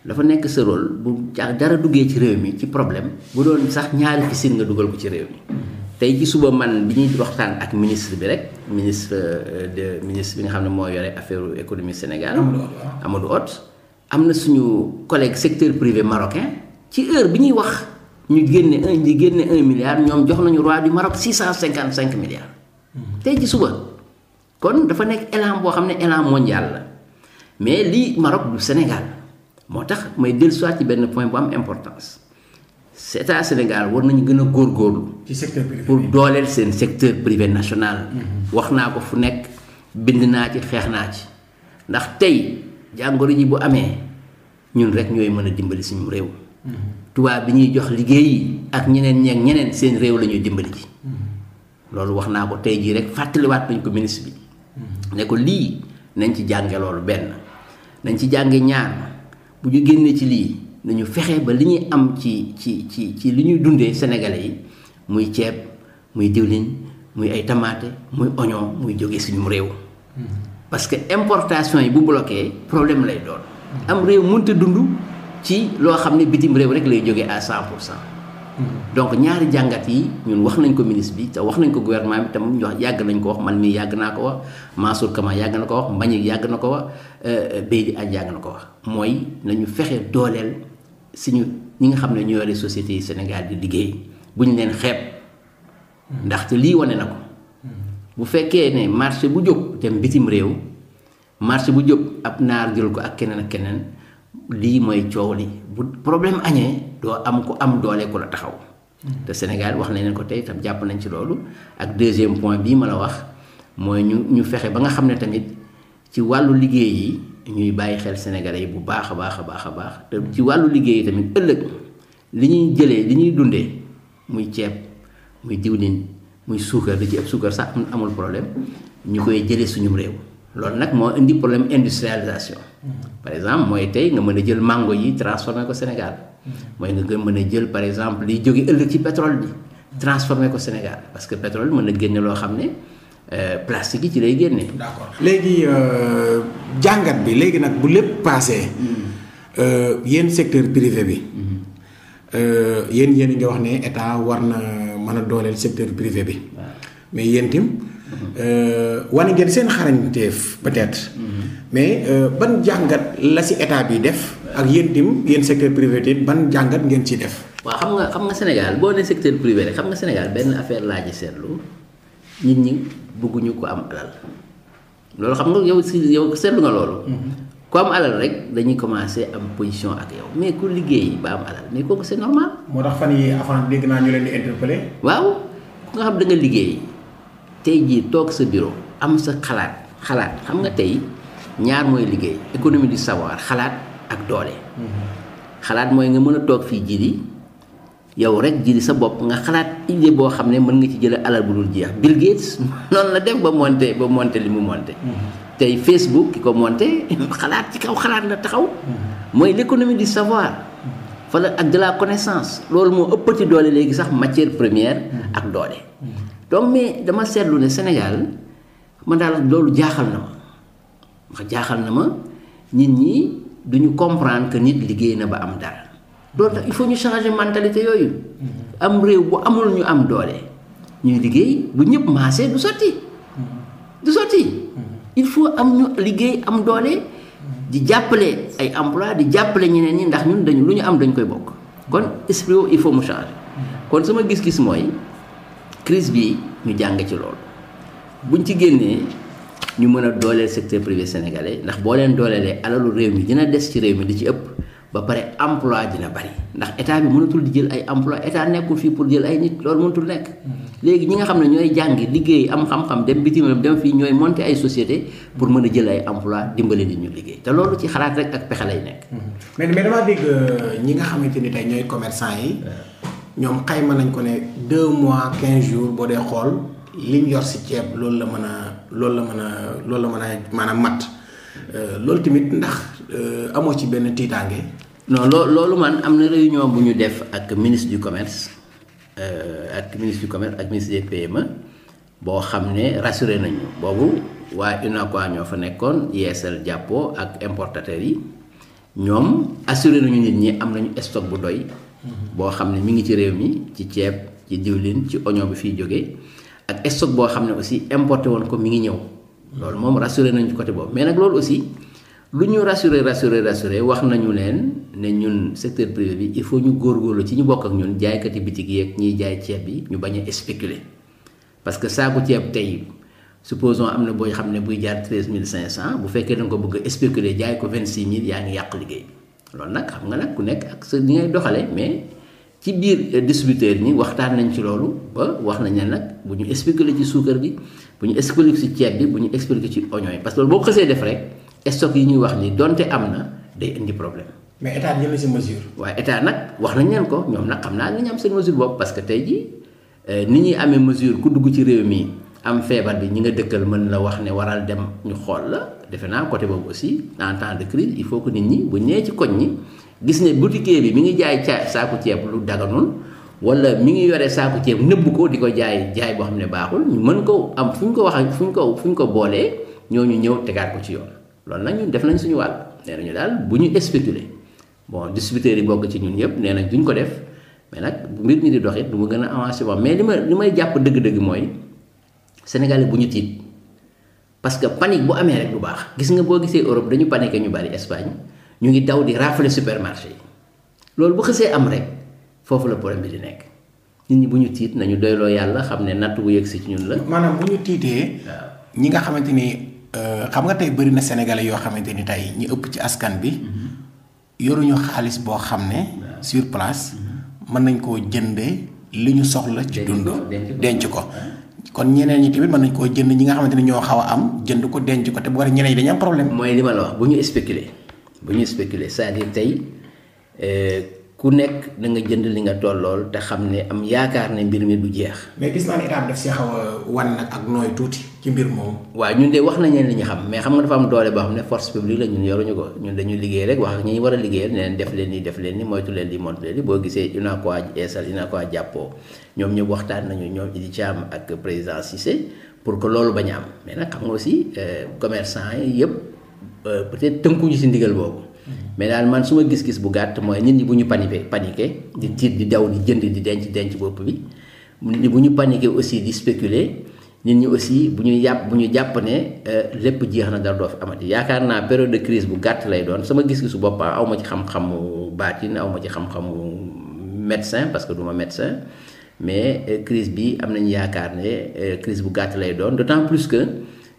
dafa nekk sa rol bu dara duggee ci réew mi ci problème bu doon sax ñaari piscine nga dugal ko ci réew mi. tey ci suba man bi ñuy waxtaan ak ministre bi rek ministre euh, de ministre bi nga xam ne moo yore affaire économie Sénégal. Amadou ot am na suñu collègue secteur privé marocain ci heure bi ñuy wax ñu génne un ñu génne un milliard ñoom jox nañu roi du Maroc six cent cinquante cinq milliards. Mhm. tey ci suba kon dafa nekk élan boo xam ne élan mondial la mais lii Maroc du Sénégal moo tax may dellusiwaat ci benn point bu am importance. état Sénégal war nañu gën a góorgóorlu. ci secteur privé pour dooleel seen secteur privé national. Mhm. wax naa ko fu nekk bind naa ci xeex naa ci ndax tey jàngoro ji bu amee ñun rek ñooy mën a dimbali suñu réew. Mhm. tubaab bi ñuy jox liggéey yi ak ñeneen ñeeg ñeneen seen réew la ñuy dimbali ji. Mhm. loolu wax naa ko tey jii rek fàttaliwaat nañ ko ministre bi. ne ko lii nañ ci jànge loolu benn nañ ci jànge ñaar bu ñu génnee ci lii. nañu fexe ba li ñuy am ci ci ci ci li ñuy dundee sénégalais yi muy ceeb muy diwlin muy ay tamaate muy oignon muy jóge suñu réew. Hmm. parce que importation yi bu bloqué problème lay doon. Hmm. am réew mënta dund ci loo xam ne bitim réew rek lay jógee à 100 pour cent. Hmm. donc ñaari jàngat yi ñun wax nañ ko ministre bi te wax nañ ko gouvernement bi tam wax yàgg nañ ko wax man mii yàgg naa ko wax Mansour Kama yàgg na ko wax Mbagnick yàgg na ko wax euh, Beydi Agne yàgg na ko wax mooy nañu fexe dooleel. si ñu ñi nga xam ne ñu yore société yi Sénégal di liggéey bu ñu leen xeeb ndaxte lii wane na ko bu fekkee ne marché bu jóg dem bitim réew marché bu jóg ab naar jël ko ak keneen ak keneen lii mooy coow li bu problème añee doo am ku am doole ku la taxaw te Sénégal wax nañ leen ko tey tam jàpp nañ ci loolu ak deuxième point bii ma la wax mooy ñu ñu fexe ba nga xam ne tamit ci wàllu liggéey yi ñuy bàyyi xel sénégalais yi bu baax a baax a baax a baax te ci wàllu liggéey tamit ëllëg li ñuy jëlee li ñuy dundee muy ceeb muy diwlin muy suukar li ci ëpp suukar sax amul problème ñu koy jëlee suñu réew. loolu nag moo indi problème industrialisation
mm-hmm.
par exemple mooy tey nga mën a jël mango yi transformé ko Sénégal mm-hmm. mooy nga gën mën a jël par exemple liy jóge ëllëg ci pétrole bi mm-hmm. transformé ko Sénégal parce que pétrole mën na génne loo xam ne. Euh, plastique yi ci lay génne.
d'accord léegi euh, jàngat bi léegi nag bu lépp paasee. Mm-hmm. Euh, yéen secteur privé bi. Mm-hmm. yéen yéen nga wax ne état war na mën a dooleel secteur privé bi. mais yéen tim mm-hmm. wane ngeen seen xarañteef peut-être. mais ban jàngat la si état bi def. ak yéen tim yéen secteur privé it ban jàngat ngeen ci def.
waaw xam nga xam nga Sénégal boo nee secteur privé rek xam nga Sénégal benn affaire laa ci seetlu
nit ñi. bëgguñu ko am
alal loolu xam nga yow si set seetlu nga loolu. Mhm. ku am alal rek dañuy commencé am position ak yow mais ku liggéey ba am alal mais kooku c'est normal. moo
tax fan yii avant dégg naa ñu leen di interpeller.
waaw ku nga xam da liggéey tey jii toog sa biro am sa xalaat xalaat xam nga tey ñaar mooy liggéey économie du savoir xalaat ak doole. Mhm. xalaat mooy nga mën a toog fii ji yow rek ji sa bopp nga xalaat idée boo xam ne mën nga ci jëlee alal bu dul jeex Bill Gates noonu la def ba monté ba monté li mu monté.
Mm-hmm.
tey Facebook ki ko monté xalaat ci kaw xalaat la taxaw. Mm-hmm. mooy l'économie du savoir. Mm-hmm. fa la ak de la connaissance loolu moo ëppati doole léegi sax matière première. ak doole. donc mais dama seetlu ne Sénégal ma daal loolu jaaxal na ma wax jaaxal na ma nit ñi duñu comprendre que nit liggéey na ba am dara. doon tax il faut ñu changer mentalité yooyu am réew bu amul ñu am doole ñuy liggéey bu ñëpp maasee du sotti du sotti il faut am ñu liggéey am doole di jàppale ay emploi di jàppale ñeneen yi ndax ñun dañu lu ñu am dañ koy bokk kon esprit il faut mu changer kon sama gis-gis mooy crise bi ñu jàng ci loolu buñ ci génnee ñu mën a dooleel secteur privé sénégalais ndax boo leen dooleelee alalu réew mi dina des ci réew mi di ci ëpp ba pare emploi dina bari ndax état bi mënatul di jël ay emploi état nekkul fii pour jël ay nit loolu mënatul nekk. Mm-hmm. léegi ñi nga xam ne ñooy jàngi liggéey am xam-xam dem bitim dem fii ñooy monter ay société pour mën a jël ay emploi dimbali nit ñu liggéey te loolu ci xalaat rek ak pexe lay nekk. Mm-hmm.
mais mais damaa dégg euh, ñi nga xamante ni tey ñooy commerçant yi. ñoom xayma nañ ko ne deux mois quinze jours boo dee xool liñ yor si ceeb loolu la mën a loolu la mën a loolu la mën a maanaam mat. Euh, loolu tamit ndax euh, amoo ci benn tiitaange.
non loolu man am na réunion bu ñu def ak ministre du commerce euh, ak ministre du commerce ak ministre des PME boo xam ne rassurer nañu boobu waa UNACOIS ñoo fa nekkoon yeesal jàppoo ak importateurs yi ñoom assuré nañu nit ñi am nañu stock bu doy. Mm-hmm. boo xam ne mu ngi ci réew mi ci ceeb ci diwlin ci oignon bi fiy jóge ak stock boo xam ne aussi importé woon ko mi ngi ñëw. loolu moom rassuré nañu côté boobu mais nag loolu aussi lu ñu rassuré rassuré rassuré wax nañu leen ne ñun secteur privé bi il faut ñu góorgóorlu ci ñu bokk ak ñun jaaykati bitig yeeg ñiy jaay ceeb bi ñu bañ spéculer parce que saaku ceeb tey supposons am na booy xam ne buy jaar treize mille cinq cent bu fekkee da ko bëgg a jaay ko vingt six mille yaa ngi yàq liggéey bi loolu nag xam nga nag ku nekk ak sa li ngay doxale mais ci biir euh, distributeur ñi waxtaan nañ ci loolu ba wax nañ ne nag bu ñu spéculer ci suukar bi bu ñu expliqué ci ceeb bi bu ñu expliqué ci oignon yi parce que loolu boo xasee def rek stock yi ñuy wax ni donte am na day indi problème. mais état jël si ci mesure. waaye état nag wax nañ leen ko ñoom nag xam naa ne ñu am seen mesure bopp parce que tey jii euh, ni ñuy amee mesure ku dugg ci réew mi am feebar bi ñi nga dëkkal mën la wax ne waral dem ñu xool la defe naa côté boobu aussi en temps de crise il faut que nit ñi bu ñëwee ci koñ ñi gis ne boutique bi mi ngi jaay ca saako ceeb lu daganul. wala mu ngi yore saako ceeb nëbb ko di ko jaay jaay boo xam ne baaxul ñu mën ko am fu ñu ko wax fu ñu ko fu ñu ko boolee ñoo ñu ñëw tegaat ko ci yoon loolu nag def nañ suñu wàll nee nañu daal bu ñu spéculer bon distributeurs yi bokk ci ñun ñëpp nee nañ duñ ko def mais nag mbir mi di dox it ma gën a avancé ba mais li ma li may jàpp dëgg-dëgg mooy sénégalais bu ñu tiit parce que panique bu amee rek bu baax gis nga boo gisee Europe dañu paniqué ñu bari Espagne ñu ngi daw di rafle supermarché yi loolu bu xësee am rek. foofu la problème bi di nekk nit ñi bu ñu tiit nañu doyloo yàlla xam ne natt bu yegg si ci ñun la.
maanaam bu ñu tiitee. ñi nga xamante ni euh, xam nga tey bëri na sénégalais yoo xamante ni tey ñu ëpp ci askan bi. Mm-hmm. yoruñu xaalis boo xam ne. sur place mm-hmm. mën nañ koo jëndee li ñu soxla. ci dund denc ko kon ñeneen ñi tamit mën nañ koo jënd ñi nga xamante ni ñoo xaw a am jënd ko denc ko te bu waree ñeneen ñi dañu problème. mooy li ma la wax bu ñu spéculer bu ñu spéculer cest à tey.
Euh, ku nekk na nga jënd li nga tollool te xam ne am yaakaar ne mbir mi du jeex.
mais gis naa ne état daf si xaw a wan nag ak nooy tuuti ci mbir moomu. waaw ñun
wax nañ leen li ñu xam mais xam nga dafa doole boo xam ne force publique la ñun yoruñu ko ñun dañu liggéey rek wax ak ñi war a liggéeyal ne leen def leen nii def leen nii moytu leen di moytu leen di boo gisee UNACOIS ko UNACOIS jàppoo ñoom ñëpp waxtaan nañu ñoom Idi Thiam ak président se pour que loolu bañ am mais na xam nga aussi euh, commerçant yi yëpp euh, peut-être tënkuñu si ndigal boobu mais daal man su ma gis-gis bu gàtt mooy nit ñi bu ñu paniqué paniqué di tiit di daw di jënd di denc denc bopp bi nit ñi bu ñu paniqué aussi di spéculer nit ñi aussi bu ñu yàpp bu ñu jàpp ne euh, lépp jeex na dara fi amati yaakaar naa période de crise bu gàtt lay doon sama gis-gisu boppam ah, aw ma ci xam-xamu baatin aw ma ci xam-xamu médecin parce que du ma médecin mais euh, crise bi am nañu yaakaar ne euh, crise bu gàtt lay doon d'autant plus que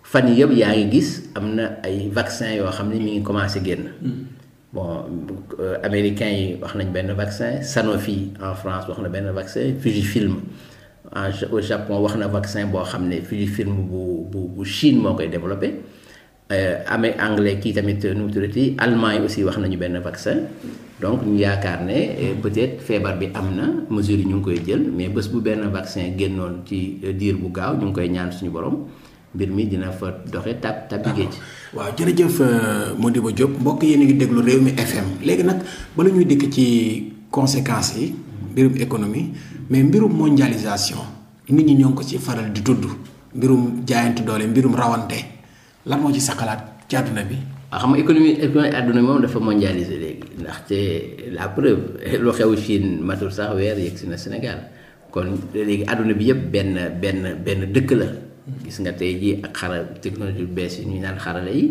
fan yii yëpp yaa ngi gis am na ay vaccin yoo xam ne mi commencé génn. Mm. bon américains yi wax nañ benn vaccin Sanofi en France wax na benn vaccin Fujifilm en au Japon wax na vaccin boo xam ne Fujifilm bu bu bu Chine moo koy développé euh, amee anglais kii tamit nu mu tuddati allemand yi aussi wax nañu benn vaccin donc ñu yaakaar ne euh, peut-être feebar bi am na mesure yi ñu ngi koy jël mais bés bu benn vaccin génnoon ci euh, diir bu gaaw ñu ngi koy ñaan suñu borom. mbir mi dina fa doxe
tab tabi ah, géej ah. waaw jërëjëf euh, Modibo Diop mbokk yéen a ngi déglu réew mi FM léegi nag bala ñuy dikk ci conséquences yi mbirum économie mais mbirum mondialisation nit ñi ñoo ngi ko ci faral di dudd mbirum jaayante doole mbirum rawante lan moo ci saxalaat ci àdduna bi waaw
ah, xam nga économie économie àdduna moom dafa mondialisé léegi ndaxte la preuve lu xew Chine matul sax weer yegg si na Sénégal kon léegi àdduna bi yëpp benn benn benn dëkk la gis nga tey jii ak xarala technologie bu bees yi ñu naan xarala yi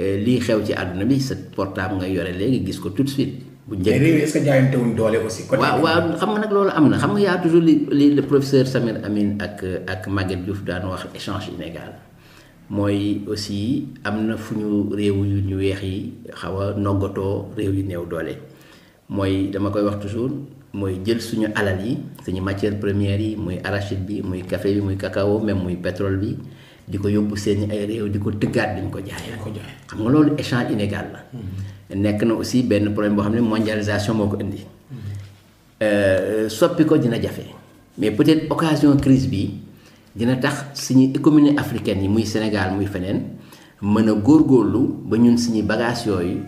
euh, lii xew ci àdduna bi sa portable nga yore léegi gis ko tout de
suite. bu njëkk mais est-ce que jaayante
xam nga nag loolu am na xam nga yaa toujours li li le professeur Samir Amin ak ak Maguette Diouf daan wax échange inégal mooy aussi am na fu ñu réew yu ñu weex yi xaw a noggatoo réew yu néew doole mooy dama koy wax toujours. mooy jël suñu alal yi suñu matière première yi muy arachide bi muy kafe bi muy cacao même muy pétrole bi di ko yóbbu seen ay réew di ko tëggaat bi ñu ko jaxee ko jaayee xam nga loolu échange inégal la. Mm-hmm. nekk na aussi benn problème boo xam ne mondialisation moo ko indi. Mm-hmm. Euh, soppi ko dina jafe mais peut-être occasion crise bi dina tax suñu économie africaine yi muy Sénégal muy feneen mën a góor góorlu ba ñun suñu bagage yooyu.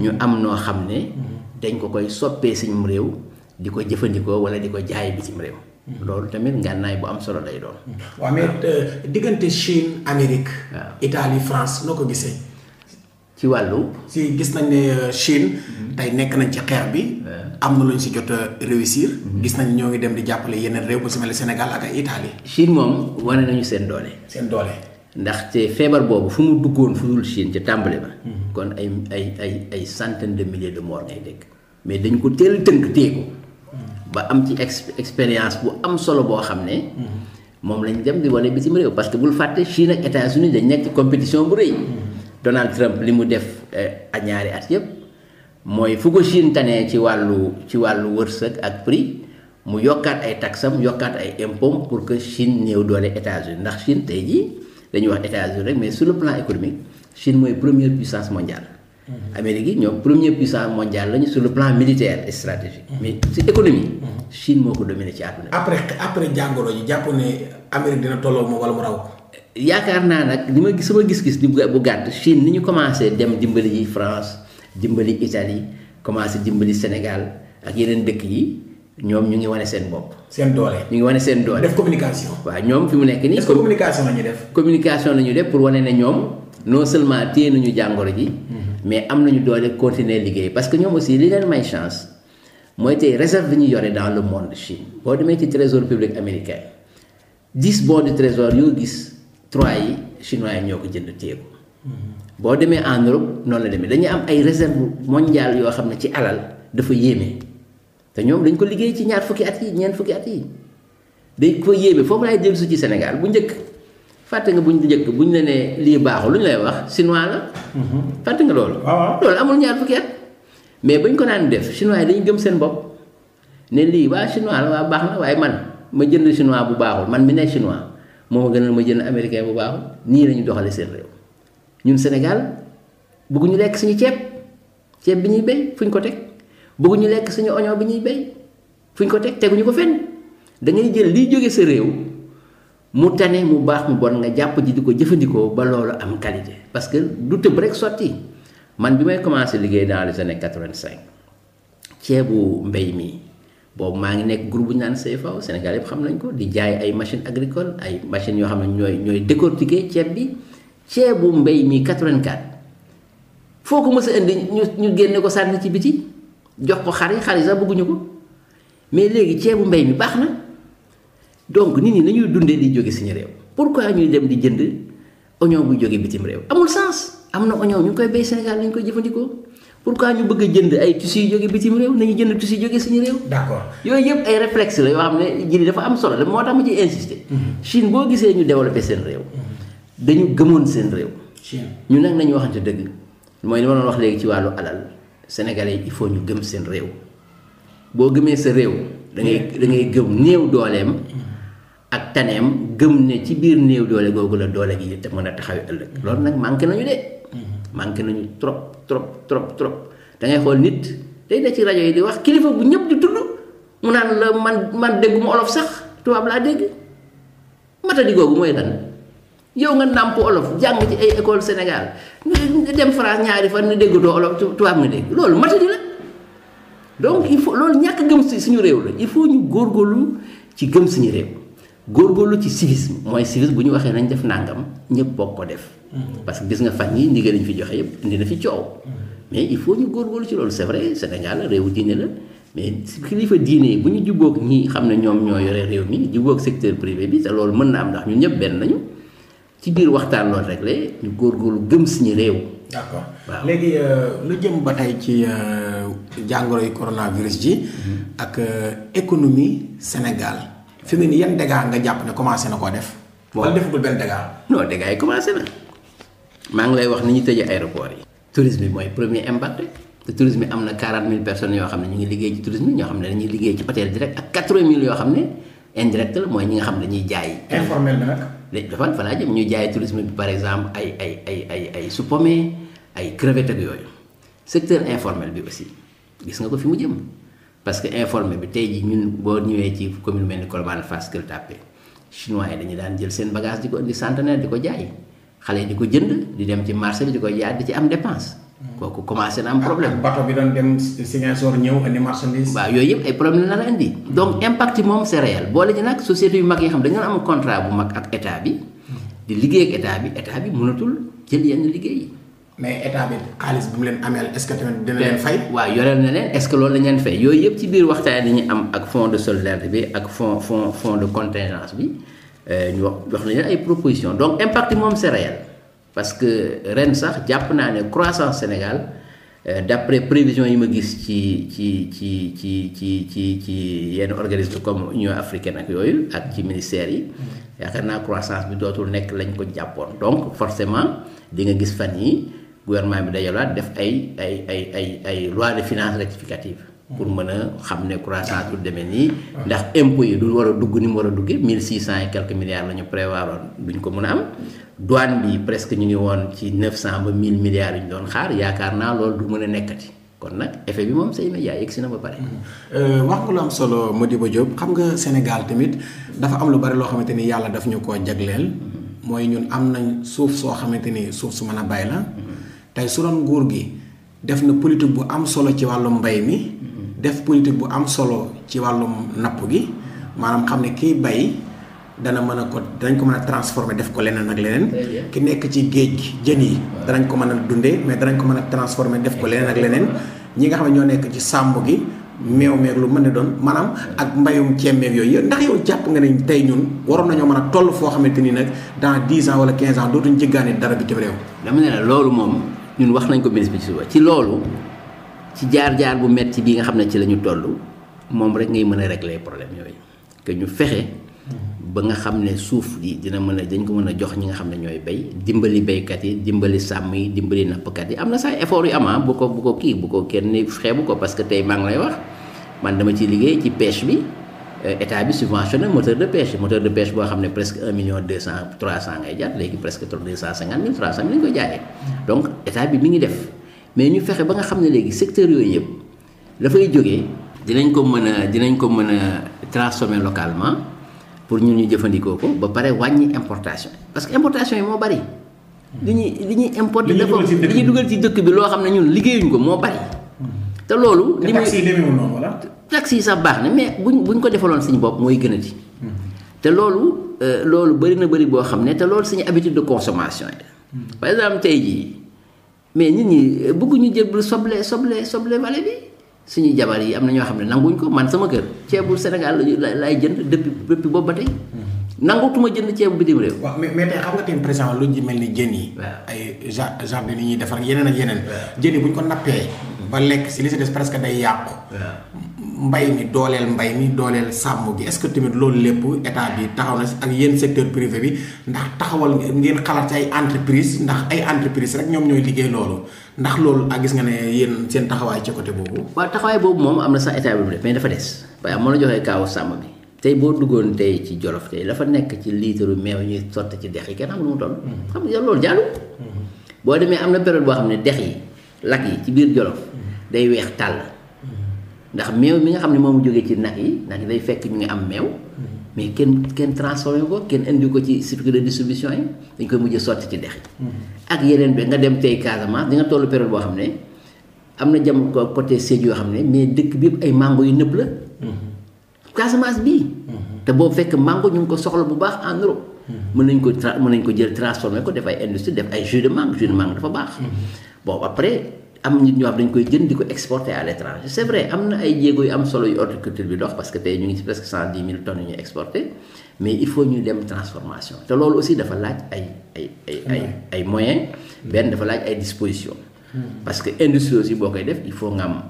ñu am noo xam ne. Mm-hmm. dañ ko koy soppee suñu réew. di ko jëfandikoo wala di ko jaay bitim réew. loolu
tamit ngànnaay bu am solo lay doon. waaw mais euh, diggante Chine Amérique. waaw Italie France noo ko gisee. ci wàllu. si gis nañ ne euh, Chine. tey nekk nañ ci xeex bi. am na lu ñu si jot a réussir. Mhm. gis nañ ñoo ngi dem di jàppale yeneen réew bu si mel Sénégal ak ay Italie. Chine moom wane nañu seen doole. seen doole. te feebar boobu
fu mu duggoon fu dul Chine ca tàmbali ba. Mhm. kon ay ay ay ay centaine de milliers de morts ngay dégg. dañ ko ba am ci ex expérience bu am solo boo xam ne. moom lañ dem di wane bitim réew parce que bul fàtte Chine ak États-Unis dañ nekk compétition bu rëy. Donald Trump li mu def eh, ak ñaari at yëpp mooy fu ko Chine tane ci wàllu ci wàllu wërsëg ak prix mu yokkaat ay taxam yokkaat ay impôts pour que Chine néew doole États-Unis ndax Chine tey jii dañuy wax États-Unis rek mais sur le plan économique Chine mooy première puissance mondiale. Mm-hmm. Amérique yi ñoom première puissance mondiale lañu sur le plan militaire et stratégique. Mm-hmm. mais ci économie. Mm-hmm. Chine moo ko dominé ci àdduna.
après après jàngoro ji jàpp ne Amérique dina tolloo
yaakaar naa nag li ma gis suma gis-gis bu gàtt Chine ni ñu commencé dem dimbali ji France dimbali Italie commencé dimbali Sénégal ak yeneen dëkk yi. ñoom ñu ngi wane seen bopp. seen doole ñu ngi wane seen doole. def communication. waaw ñoom fi mu nekk nii. est-ce que communication la def. communication la ñuy pour wane ne ñoom non seulement téye ñu jàngoro ji. mais am nañu doole continuer liggéey parce que ñoom aussi li leen may chance mooy tey réserve bi ñu yore dans le monde Chine boo demee ci trésor public américain dix bons du trésor yoo gis trois yi chinois yi ñoo ko jënd téye ko mm-hmm. boo demee en Europe noonu la demee dañuy am ay réserve mondiale yoo xam ne ci alal dafa yéeme te ñoom dañ ko liggéey ci ñaar fukki at yi ñeent fukki at yi dañ ko yéeme foofu laay dellusi ci Sénégal bu njëkk. fàtte nga bu ñu njëkk bu ñu la nee baaxul lu ñu lay wax chinois la. Mhm. fàtte nga loolu. Ah, ah. loolu amul ñaar fukki at mais bañ ko naan def chinois dañu gëm seen bopp ne lii waa chinois baax waaye man ma jënd chinois bu baaxul man mi ne chinois moo ma ma jënd américain bu baaxul nii la ñu doxalee seen réew ñun Sénégal bëgguñu lekk suñu ceeb ceeb bi ñuy béy fu ñu ko teg bëgguñu lekk suñu oignon bi ñuy béy fu ñu ko teg teguñu ko fenn da ngay jël liy jóge sa réew. mu tane mu baax mu bon nga jàpp ji di ko jëfandikoo ba loolu am qualité parce que du tëb rek sotti man bi may commencé liggéey dans les années quatre-vingt-cinq ceebu mbéy mi boobu maa ngi nekk groupe bu ñu naan CFAO Sénégal yëpp xam nañ ko di jaay ay machine agricole ay machine yoo xam ne ñooy ñooy décortiquer ceeb bi ceebu mbéy mii quatre-vingt-quatre foo ko mës indi ñu ñu génne ko sànni ci biti jox ko xar yi xar yi sax ko mais léegi ceebu mbéy mi baax na. donc nit ñi nañuy dundee di jóge suñu réew pourquoi ñuy dem di jënd oño bu jóge bitim réew amul sens am na oignon ñu ngi koy bay Sénégal lañ koy jëfandikoo pour pourquoi ñu bëgg a jënd ay tissu yu jóge bitim réew nañu jënd tissu yu jóge suñu réew. d'accord yooyu yëpp ay réflexe la yoo xam ne ji dafa am solo la moo tax mu ci insister. Mm-hmm. boo gisee ñu développé seen réew. Mm-hmm. dañu gëmoon seen réew. ñu nag nañu waxante dëgg mooy li ma wax léegi ci wàllu alal sénégalais il faut ñu gëm seen réew boo gëmee sa réew. da ngay mm-hmm. da gëm néew dooleem. ak taneem gëm ne ci biir néew doole googu la doole gi te mën a taxaw ëllëg mm-hmm. loolu nag manqué nañu de mm-hmm. manqué nañu trop trop trop trop da ngay xool nit day na ci rajo yi di wax kilifa bu ñëpp di tudd mu naan la man man dégguma olof sax tubaab laa dégg mata di googu mooy lan yow nga nàmp olof jàng ci ay école Sénégal nga dem France ñaari fan na déggatoo olof tubaab nga dégg loolu mata la donc il faut loolu ñàkk gëm si suñu réew la il faut ñu góorgóorlu ci gëm suñu réew góor góorgóorlu ci civisme mooy civisme bu ñu waxee nañ def nàngam ñëpp bokk ko def. Mm-hmm. parce que gis nga fan yi ndigal lañ fi joxe yëpp indi na fi coow. Mm-hmm. mais il faut ñu góor góorgóorlu ci loolu c'est vrai Sénégal réewu diine la mais kilifa diine bu ñu jubboog ñi xam ne ñoom ñoo yore réew mi jubboog secteur privé bi te loolu mën na am ndax ñun ñëpp benn nañu ci biir waxtaan loolu rek la ñu góor góorgóorlu gëm suñu réew. d'accord
waaw léegi euh, lu jëm ba tey ci euh, jàngoroy coronavirus ji. Mm-hmm. ak euh, économie Sénégal. fi mu ne nii yan nga jàpp ne commencé na koo def. wala defagul benn dégâts.
non dégâts yi commencé na maa ngi lay wax ni ñu tëjee aéroport yi. tourisme bi mooy premier impact te tourisme bi am na 40 mille personnes yoo xam ne ñu ngi liggéey ci tourisme ñoo xam ne dañuy liggéey ci hôtel direct ak 80 000 yoo xam ne indirect la mooy ñi nga xam ne dañuy jaay. informel la nag. léegi dafa fa laa jëm ñu jaay tourisme bi par exemple ay ay ay ay ay supome ay crevette ak secteur informel bi aussi gis nga ko fi mu jëm. parce que informé bi tey ji ñun boo ñëwee ci commune mel ni Colobane Fass Gueule chinois yi dañu daan jël seen bagage di ko indi centenaire di ko jaay xale di ko jënd di dem ci marché bi di ko jaay di ci am dépense. Hmm. kooku commencé na am ah, problème bato bi doon dem Ziguinchor ñëw indi marchandise. waaw yooyu yëpp ay problème la la indi. donc impact yi moom c'est réel boole ji nag société yu mag yi xam dañu am contrat bu mag ak état bi. di liggéey ak état bi état bi mënatul
jël yenn liggéey mais état bi xaalis bi mu leen ameel est-ce que na leen
est-ce que loolu dañu leen fay yooyu yëpp ci biir waxtaan yi ñu am ak fonds de solidarité bi ak fonds fonds fonds de contingence bi euh, ñu wax wax nañu ay propositions donc impact moom c'est parce que ren sax jàpp naa ne croissance Sénégal euh, d'après prévision yi ma gis ci ci ci ci ci ci ci yenn organisme comme Union africaine ak yooyu ak ci ministère yi yaakaar naa croissance bi dootul nekk lañ ko jàppoon donc forcément di nga gis fan yi gouvernement bi dajalaat def ay ay ay ay de finance rectificative pour mën a xam ne croissance du demee nii. Ah. ndax impôts yi du war a dugg ni mu war a duggee mille six cent et quelques milliards la ñu prévoir woon ko mën a am. douane bi presque ñu ngi woon ci neuf cent ba mille milliards yu ñu doon xaar yaakaar naa loolu du mën a nekkati kon nag effet bi moom c'est immédiat yaay si na ba pare.
Mm-hmm. Euh, wax nga lu am solo Modibo Diop xam nga Sénégal tamit dafa am lu bari loo xamante ni yàlla daf ñu ko jagleel. Mm-hmm. mooy ñun am nañ suuf soo xamante ni suuf su mën a bay la. Mm-hmm. tey su nguur gi def na politique bu am solo ci wàllum mbay mi def politique bu am solo ci wàllum napp gi maanaam xam ne kiy bay dana mën a ko danañ ko mën a transformer def ko leneen ak leneen ki nekk ci géej gi jën yi danañ ko mën a dundee danañ ko mën a transformer def ko leneen ak leneen ñi nga xam ne ñoo nekk ci sàmm gi meew meeg lu mën ne doon maanaam ak mbayum ceemeeg yooyu ndax yow jàpp nga ne tey ñun waroon nañoo mën a toll foo xamante ni nag dans dix ans wala quinze ans dootuñ jëggaani dara bi ci réew loolu moom ñun wax nañ ko ministre bi ci suba ci loolu ci jaar-jaar bu metti
bi nga xam ne ci la ñu toll moom rek ngay mën a régler problème yooyu que ñu fexe ba nga xam ne suuf yi dina mën a dañ ko mën a jox ñi nga xam ne ñooy bay dimbali baykat yi dimbali sàmm yi dimbali nappkat yi am na sax effort yu am ah, bu ko bu ko kii bu ko kenn xeebu ko parce que tey maa ngi lay wax man dama ci liggéey ci pêche bi Euh, état bi subventionné moteur de pêche moteur de pêche boo xam ne presque un million deux cent trois cent ngay jar léegi presque deux cent cinquante mille trois cent mille lañ koy jaayee donc état bi mi ngi def mais ñu fexe ba nga xam ne léegi secteur yooyu yëpp dafay jógee dinañ ko mën a dinañ ko mën a transformer localement pour ñu ñu jëfandikoo ko ba pare wàññi importation parce que importation yi moo bari li ñuy li ñuy importé dafa li ñuy dugal ci dëkk bi loo xam ne ñun liggéeyuñ ko moo bari mm-hmm. te loolu taxi yi sax baax na mais buñ buñ ko defaloon suñu bopp mooy gën a di mm-hmm. te loolu euh, loolu bëri na bëri boo xam ne te loolu suñu habitude de consommation yi mm-hmm. par exemple tey jii mais nit ñi euh, bëgguñu jël soble soble soble vallée bi suñuy jabar am na ñoo xam ne nanguñ ko man sama kër ceebu Sénégal lañu laay jënd depuis depuis boobu ba tey
mm-hmm. nangutuma jënd ceebu bitim réew. waaw mais mais tey xam nga tey présent ni jën yi. ay jardin yi ñuy defar yeneen ak yeneen. jën yi bu ñu ko nappee. ba lekk si li si presque day yàqu. mbay mi dooleel mbay mi dooleel sàmm gi est-ce que tamit loolu lépp état bi taxaw na ak yéen secteur privé bi ndax taxawal ngeen xalaat ci ay entreprise ndax ay entreprise rek ñoom ñooy liggéey loolu ndax loolu ak ah gis nga ne yéen seen taxawaay ci côté boobu.
waaw taxawaay boobu moom am na sax état bi mu def mais dafa des waaye am na joxee kaawu sàmm bi tey boo duggoon tey ci jolof tey la nekk ci liitaru meew ñuy sotti ci dex yi kenn xam lu mu toll. Mm-hmm. xam nga loolu mm-hmm. boo demee am na période boo xam ne dex yi lak yi ci biir jolof mm-hmm. day weex tàll. ndax meew mi nga xam ne moom jógee ci nag yi nag yi day fekk ñu ngi am meew mm-hmm. mais kenn kenn transformé ko kenn indi ko ci circuit de distribution dañ koy mujjee sotti ci dex
mm-hmm.
ak yeneen bi nga dem tey Casamance di nga période boo xam ne am na jam ko côté Sédhiou yoo xam ne mais dëkk bi ay mango yu nëb la
mm-hmm.
Casamance bii te boo fekk mango ñu ngi ko soxla bu baax en mën nañ ko mën nañ ko jël transformé ko def ay industrie def ay jus de mangue jus de mangue dafa baax bon après am nit ñoo xam dañ koy jënd di ko exporter à l'étranger c'est vrai am na ay jéego yu am solo yu horticulture bi dox parce que tey ñu ngi ci presque cent dix mille tonnes yu ñuy exporter mais il faut ñu dem transformation te loolu aussi dafa laaj ay
ay ay ay
ay moyens benn dafa laaj ay disposition hmm. parce que industrie boo koy def il faut nga am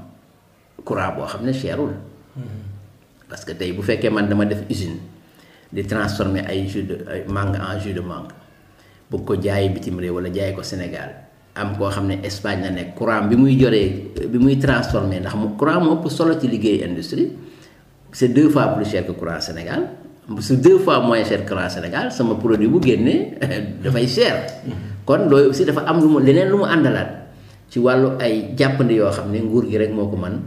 courant boo xam ne cherul
hmm.
parce que tey bu fekkee man dama def usine di transformer ay jus de mangue en jus de mangue bëgg ko jaay bitim réew wala jaay ko Sénégal am koo xam ne Espagne la nekk courant bi muy joree bi muy transformé ndax mu courant moo ëpp solo ci liggéey industrie c'est deux fois plus cher que courant Sénégal su deux fois moins cher que courant Sénégal sama produit bu génnee dafay cher kon loolu aussi dafa am lu mu leneen lu mu àndalaat ci wàllu ay jàppandi yoo xam ne nguur gi rek moo ko man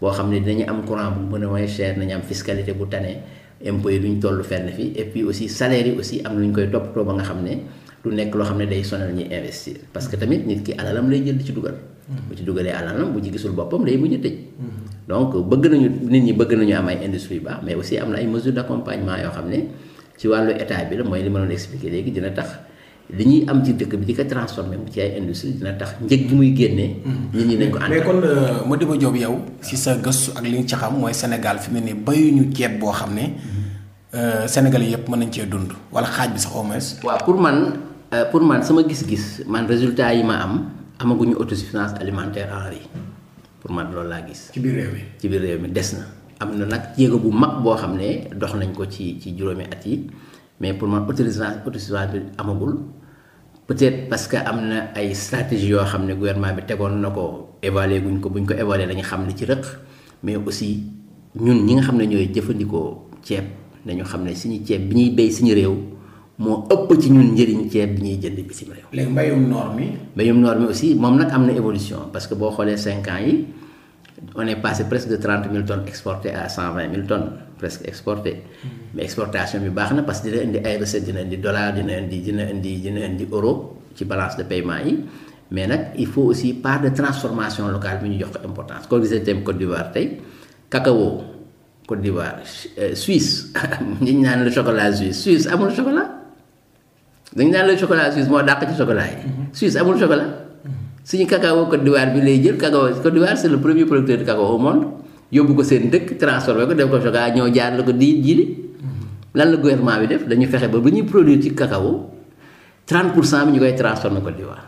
boo xam ne dinañu am courant bu mën a moins nañu am fiscalité bu tane impôt lu ñu toll fenn fi et puis aussi salaire yi aussi am lu ñu koy toppatoo ba nga xam ne du nekk loo xam ne day sonal ñuy investir parce que tamit nit ki alalam lay jël di ci dugal. Mm-hmm. bu ci dugalee alalam bu ci gisul boppam day mujj tëj.
Mm-hmm.
donc bëgg nañu nit ñi bëgg nañu am ay industrie yu baax mais aussi am na ay mesures d'accompagnement yoo xam ne ci wàllu état bi la mooy li ma doon expliquer léegi dina tax li ñuy am ci dëkk bi di ko transformé
mu ci ay industrie dina tax njëg gi muy génne
mm-hmm. nit ñi nañ ko ànd mais kon euh,
Modibo Diop yow si sa gëstu ak li nga ci xam mooy Sénégal fi nii ne yu ñu ceeb boo xam ne euh, Sénégalais yëpp mën nañ cee dund wala xaaj bi sax Euh, pour man sama gis-gis man
résultat yi ma am amaguñu autosuffisance alimentaire en riz pour man loolu laa gis. ci biir réew mi ci biir réew mi des na. am na nag jéego bu mag boo xam ne dox nañ ko ci ci juróomi at yi mais pour man autosuffisance autosuffisance bi amagul peut-être parce que am na ay stratégie yoo xam ne gouvernement bi tegoon na ko évaluer guñ ko buñ ko évaluer dañu xam li ci rëq mais aussi ñun ñi nga xam ne ñooy jëfandikoo ceeb nañu xam ne suñu ceeb bi ñuy béy suñu réew. moo ëpp ci ñun njëriñ ceeb bi ñuy jënd bitim réew.
léegi mbéyum noor
mi. mbéyum noor mi aussi moom nag am na évolution parce que boo xoolee cinq ans yi on est passé presque de mille tonnes exportées à cent vingt mille tonnes presque exportées. Mm. mais exportation bi baax na parce que dina indi ay recettes dina indi dollar dina indi dina indi dina indi euro ci balance de paiement yi. mais nag il faut aussi part de transformation locale bi ñu jox ko importance koo gisee thème Côte d'Ivoire tey cacao Côte d'Ivoire Suisse ñu naan la chocolat Suisse Suisse amul chocolat. dañu naan la chocolat suisse moo dàq ci chocolat yi. Mhm. suisse amul chocolat. Mhm. suñu cacao Côte d'Ivoire bi lay jël cacao Côte d'Ivoire c'est le premier producteur de cacao au monde yóbbu ko seen dëkk transformé ko def ko chocolat ñëw jaar la ko di ji mhm. lan la gouvernement bi def dañu fexe ba bu ñuy produire ci cacao 30 pour cent bi ñu koy transformé Côte d'Ivoire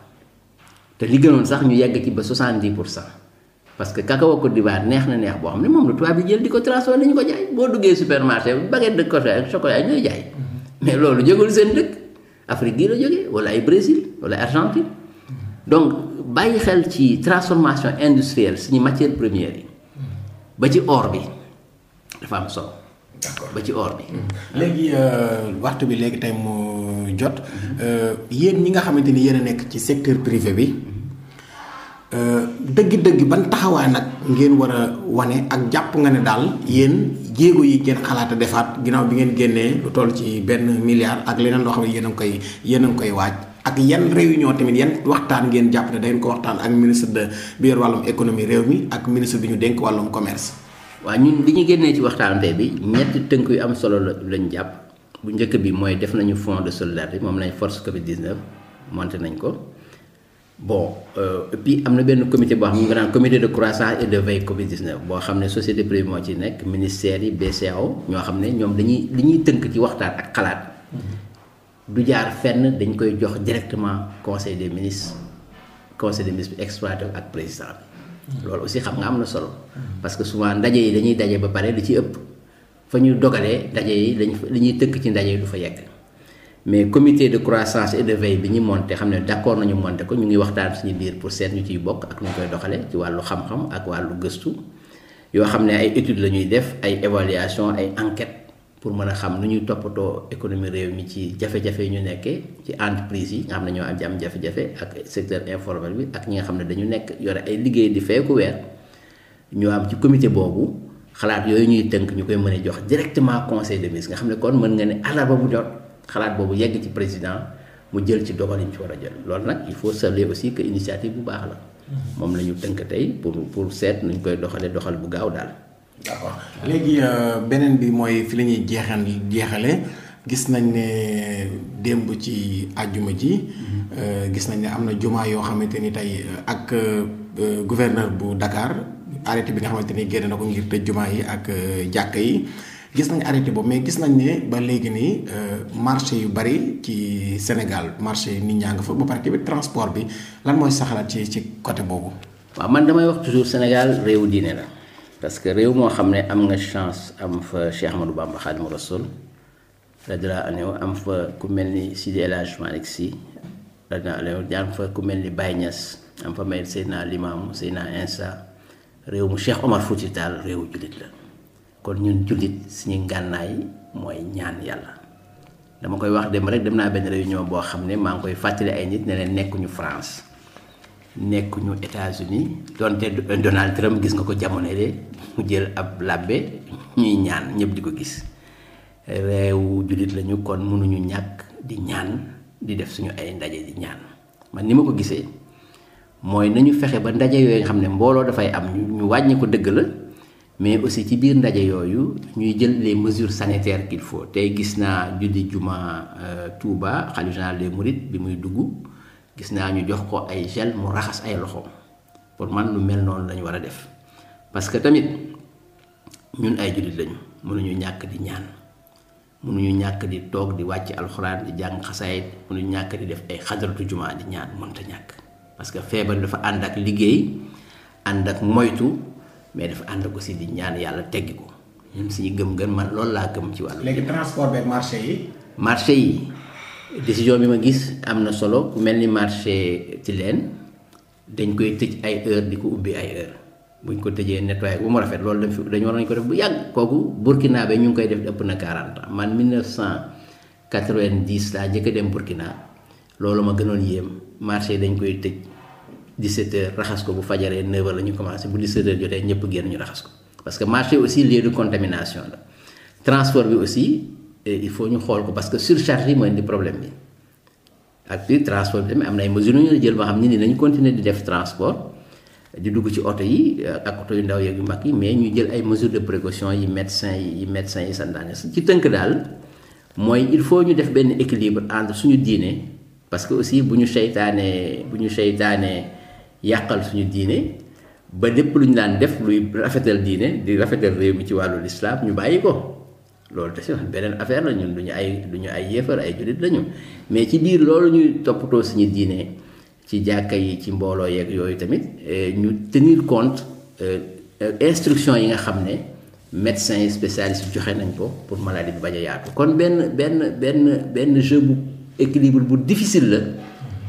te li gënoon sax ñu yegg ci ba 70 pour cent parce que cacao Côte d'Ivoire neex na neex boo xam ne moom la tubaab bi jël di ko transformé dañu jaay boo duggee supermarché baguette de coco ak chocolat ñooy mais loolu jógul seen dëkk. Afrique gii la jógee wala ay Brésil wala Argentine donc bàyyi xel ci transformation industrielle suñu matière première yi ba ci or bi dafa am solo.
ba ci or bi. Hmm. léegi euh, waxtu bi léegi tey mu jot hmm. euh, yéen ñi nga xamante ni yéen a nekk ci secteur privé bi. dëgg-dëgg ban taxawaay nag ngeen war a wane ak jàpp nga ne daal yéen jéego yi ngeen xalaat defaat ginnaaw bi ngeen génnee lu toll ci benn milliard ak leneen loo xam ne yéen a koy yéen a ngi koy waaj ak yan réunion tamit yan waxtaan ngeen jàpp ne dañ ko waxtaan ak ministre de bi yor wàllum économie réew mi ak ministre bi ñu dénk wàllum commerce. waaw ñun li ñu génnee ci waxtaan fee bi ñetti tënk yu am solo lañ jàpp
bu njëkk bi mooy def nañu fonds de solidarité moom lañ force Covid 19 monté nañ ko. bon euh, et am na benn comité boo xam ne ñu ngi naan comité de croissance et de veille Covid 19 boo xam ne société privée moo ci nekk ministère yi BCAO ñoo xam ne ñoom dañuy li ñuy tënk ci waxtaan ak xalaat
mm-hmm.
du jaar fenn dañ koy jox directement conseil des ministres conseil des ministres bi exploité ak président
mm-hmm.
loolu aussi xam nga am na solo. Mm-hmm. parce que souvent ndaje yi dañuy daje ba pare lu ci ëpp fa ñu dogalee ndaje yi dañ fa ñuy tënk ci ndaje yi du fa yegg. mais comité de croissance et de veille bi ñu monté xam ne d'accord nañu monté ko ñu ngi waxtaan suñu biir pour seet ñu ciy bokk ak ñu koy doxale ci wàllu xam-xam ak wàllu gëstu yoo xam ne ay études la ñuy def ay évaluation ay enquêtes pour mën a xam nu ñuy toppatoo économie réew mi ci jafe ñu nekkee ci entreprise yi ne ñoo am ci am jafe-jafe ak secteur informel bi ak ñi nga xam ne dañu nekk yore ay liggéey di feeku weer ñu am ci comité boobu xalaat yooyu ñuy tënk ñu koy mën a jox directement conseil de ministre xam ne kon mën nga ne àllarba bu xalaat boobu yegg ci président mu jël ci dogal yi ci war a jël loolu nag il faut saluer aussi que initiative bu baax la. Mm-hmm. moom la ñu tënk tey pour pour seet nañ koy doxalee doxal bu
gaaw daal. d'accord léegi euh, beneen bi mooy fi lañuy jeexal jeexan jeexale gis nañ ne démb ci àjjuma ji. Mm-hmm. Euh, gis nañ ne am na jumaa yoo xamante ni tey euh, ak gouverneur bu Dakar arrêté bi nga xamante ni génn na ko ngir tëj jumaa yi ak jàkka yi. gis nañ arrêté boobu mais gis nañ ne ba léegi nii euh, marché yu bari ci Sénégal marché nit ñaa nga fa ba pare transport bi lan mooy saxalaat ci ci côté boobu. waaw man damay wax toujours Sénégal réewu diine la
parce que réew moo xam ne am nga chance am fa Cheikh Ahmadou Bamba Khadimou Rassoul radiyallahu anhu am fa ku mel ni Sidi El Hadj Malick Sy fa ku mel ni Baye Niass am fa mel Seydina Limamou Seydina Insa réew mu Cheikh Omar Fouti Tall réewu jullit la. kon ñun jullit suñu ngànnaay mooy ñaan yàlla dama koy wax dem rek dem naa benn réunion boo xam ne maa ngi koy fàttali ay nit ne leen nekkuñu France nekkuñu États-Unis donte euh, Donald Trump gis nga ko jamono de mu jël ab làbbe ñuy ñaan ñëpp di ko gis réewu jullit lañu kon mënuñu ñàkk di ñaan di def suñu ay ndaje di ñaan man ni ma ko gisee mooy nañu fexe ba ndaje yooyu xam ne mbooloo dafay am ñu wàññi ko dëgg la. mais aussi ci biir ndaje yooyu ñuy jël les mesures sanitaires qu'il faut tey gis naa julli juma euh, Touba xalifa général des mourides bi muy dugg gis naa ñu jox ko ay gel mu raxas ay loxoom pour man lu mel noonu lañu war a def parce que tamit ñun ay jullit lañu mënuñu ñàkk di ñaan mënuñu ñàkk di toog di wàcc alxuraan di jàng xasaayit mënuñu ñàkk di def ay xadaratu juma di ñaan mënta ñàkk parce que feebar dafa ànd ak liggéey ànd ak moytu mais dafa ànd ko si di ñaan yàlla teggi ko ñun si gëm-gëm man loolu laa gëm ci wàllu. léegi
transport beeg marché yi.
marché yi décision bi ma gis am na solo ku mel ni ci leen dañ koy tëj ay heure di ko ubbi ay heure buñ ko tëjee nettoyé bu ma rafet loolu dañ fi dañ war nañ ko def bu yàgg kooku Burkina be ñu ngi koy def ëpp na 40 ans man 1990 laa njëkk a dem Burkina loolu ma gënoon yéem marché dañ koy tëj. 17h raxas ko bu fajaree 9h la ñu commencé bu 17 jotee ñëpp génn ñu raxas ko parce que marché aussi lieu de contamination la transport bi aussi eh, il faut ñu xool ko parce que surcharge yi mooy indi problème bi ak puis transport bi tamit am na ay mesures yu ñu jël boo xam ne ni nañu continuer di def transport di dugg ci oto yi eh, ak oto yu ndaw yeeg yu mag yi mais ñu jël ay mesures de précaution yi médecin yi yi médecin yi santaane ci tënk daal mooy il faut ñu def benn équilibre entre suñu diine parce que aussi bu ñu seytaanee bu ñu seytaanee yàqal suñu diine ba dépp lu ñu daan def luy rafetal diine di rafetal réew mi ci wàllu lislaam ñu bàyyi ko loolu te si beneen affaire la ñun du ay du ñu ay yéefar ay jullit lañu mais ci biir loolu ñuy toppatoo suñu diine ci jàkka yi ci mbooloo yeeg yooyu tamit euh, ñu tenir compte euh, instruction yi nga xam ne médecins yi spécialistes joxe nañ ko pour maladie bi bañ a yaatu kon benn benn benn benn jeu bu équilibre bu difficile la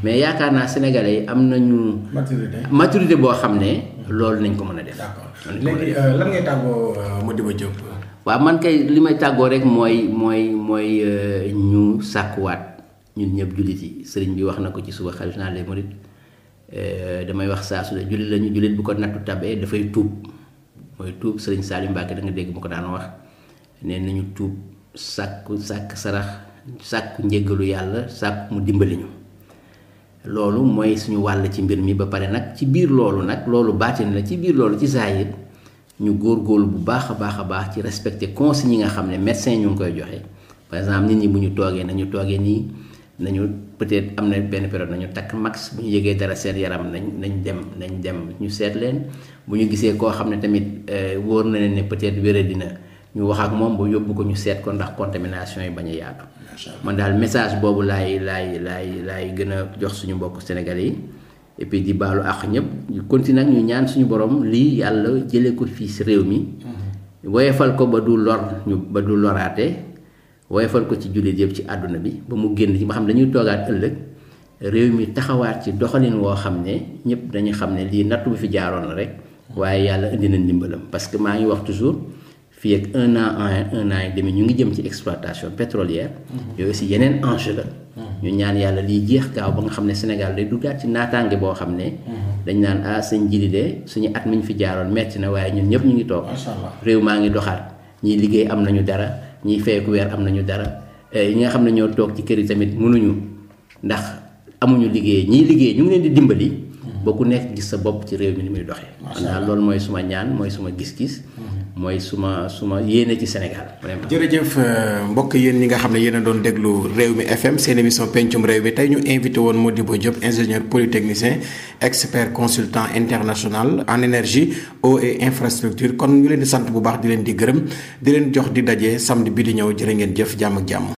mais yaakaar naa sénégalais yi am nañu. maturité maturité boo xam ne. loolu nañ ko mën a def. d'accord
léegi euh, lan ngay tàggoo euh, Modibo Diop.
waaw man kay li may tàggoo rek mooy mooy mooy euh, ñu sàkkuwaat ñun ñëpp jullit yi sëriñ bi wax na ko ci suba xalifa naa les mourides damay wax saa su ne jullit lañu jullit bu ko nattu tabee dafay tuub mooy tuub sëriñ Salim Mbacke da dégg mu ko daan wax nee nañu tuub sàkku sàkk sarax sàkku njéggalu yàlla sàkku mu dimbali ñu. loolu mooy suñu wàll ci mbir mi ba pare nag ci biir loolu nag loolu baatin la ci biir loolu ci yi ñu góorgóorlu bu baax a baax a baax ci respecté conseil yi nga xam ne médecin ñu ngi koy joxe par exemple nit ñi bu ñu toogee nañu toogee nii nañu peut-être am na benn période nañu takk max bu ñu yëgee dara seen yaram nañ nañ dem nañ dem ñu seet leen bu ñu gisee koo xam ne tamit euh, wóor na leen ne peut-être wére dina ñu wax ak moom ba yóbbu ko ñu seet ko ndax contamination yi bañ a yaatu. man daal message boobu laay laay laay laay gën a jox suñu mbokk Sénégalais yi et puis di baalu ak ñëpp ñu ñu ñaan suñu borom lii yàlla jëlee ko fii si réew mi.
Mhm.
woyefal ko ba du lor ñu ba du loraate woyefal ko ci jullit yëpp ci àdduna bi ba mu génn ci ba xam ne dañuy toogaat ëllëg réew mi taxawaat ci doxalin woo xam ne ñëpp dañuy xam ne lii nattu bu fi jaaroon la rek mhm. waaye yàlla indi na ndimbalam parce que maa ngi wax toujours. fii ak un an un an et demi ñu ngi jëm ci exploitation pétrolière. Mhm. yooyu si yeneen enjeu la. Mhm. ñu ñaan yàlla liy jeex gaaw ba nga xam ne Sénégal day duggaat ci naataange boo xam ne. Mhm. dañ naan ah sëñ Jili de suñu at mi ñu fi jaaroon metti na waaye ñun ñëpp ñu ngi toog. réew maa ngi doxaat ñiy liggéey am na ñu dara ñi feeku weer am na ñu dara yi eh, nga xam ne ñoo toog ci kër yi tamit mënuñu ndax amuñu liggéey ñiy liggéey ñu ngi leen di dimbali. ba ku nekk gis sa bopp ci réew mi ni muy doxee. gis
mooy suma suma yéene ci Sénégal vraiment. jërëjëf euh, mbokk yéen ñi nga xam ne yéen doon déglu réew mi FM seen émission pencum réew mi tey ñu invité woon moo Modibo Diop ingénieur polytechnicien expert consultant international en énergie eau et infrastructure kon ñu leen di sant bu baax di leen di gërëm di leen jox di daje samedi bi di ñëw jërë ngeen jëf jàmm ak jàmm.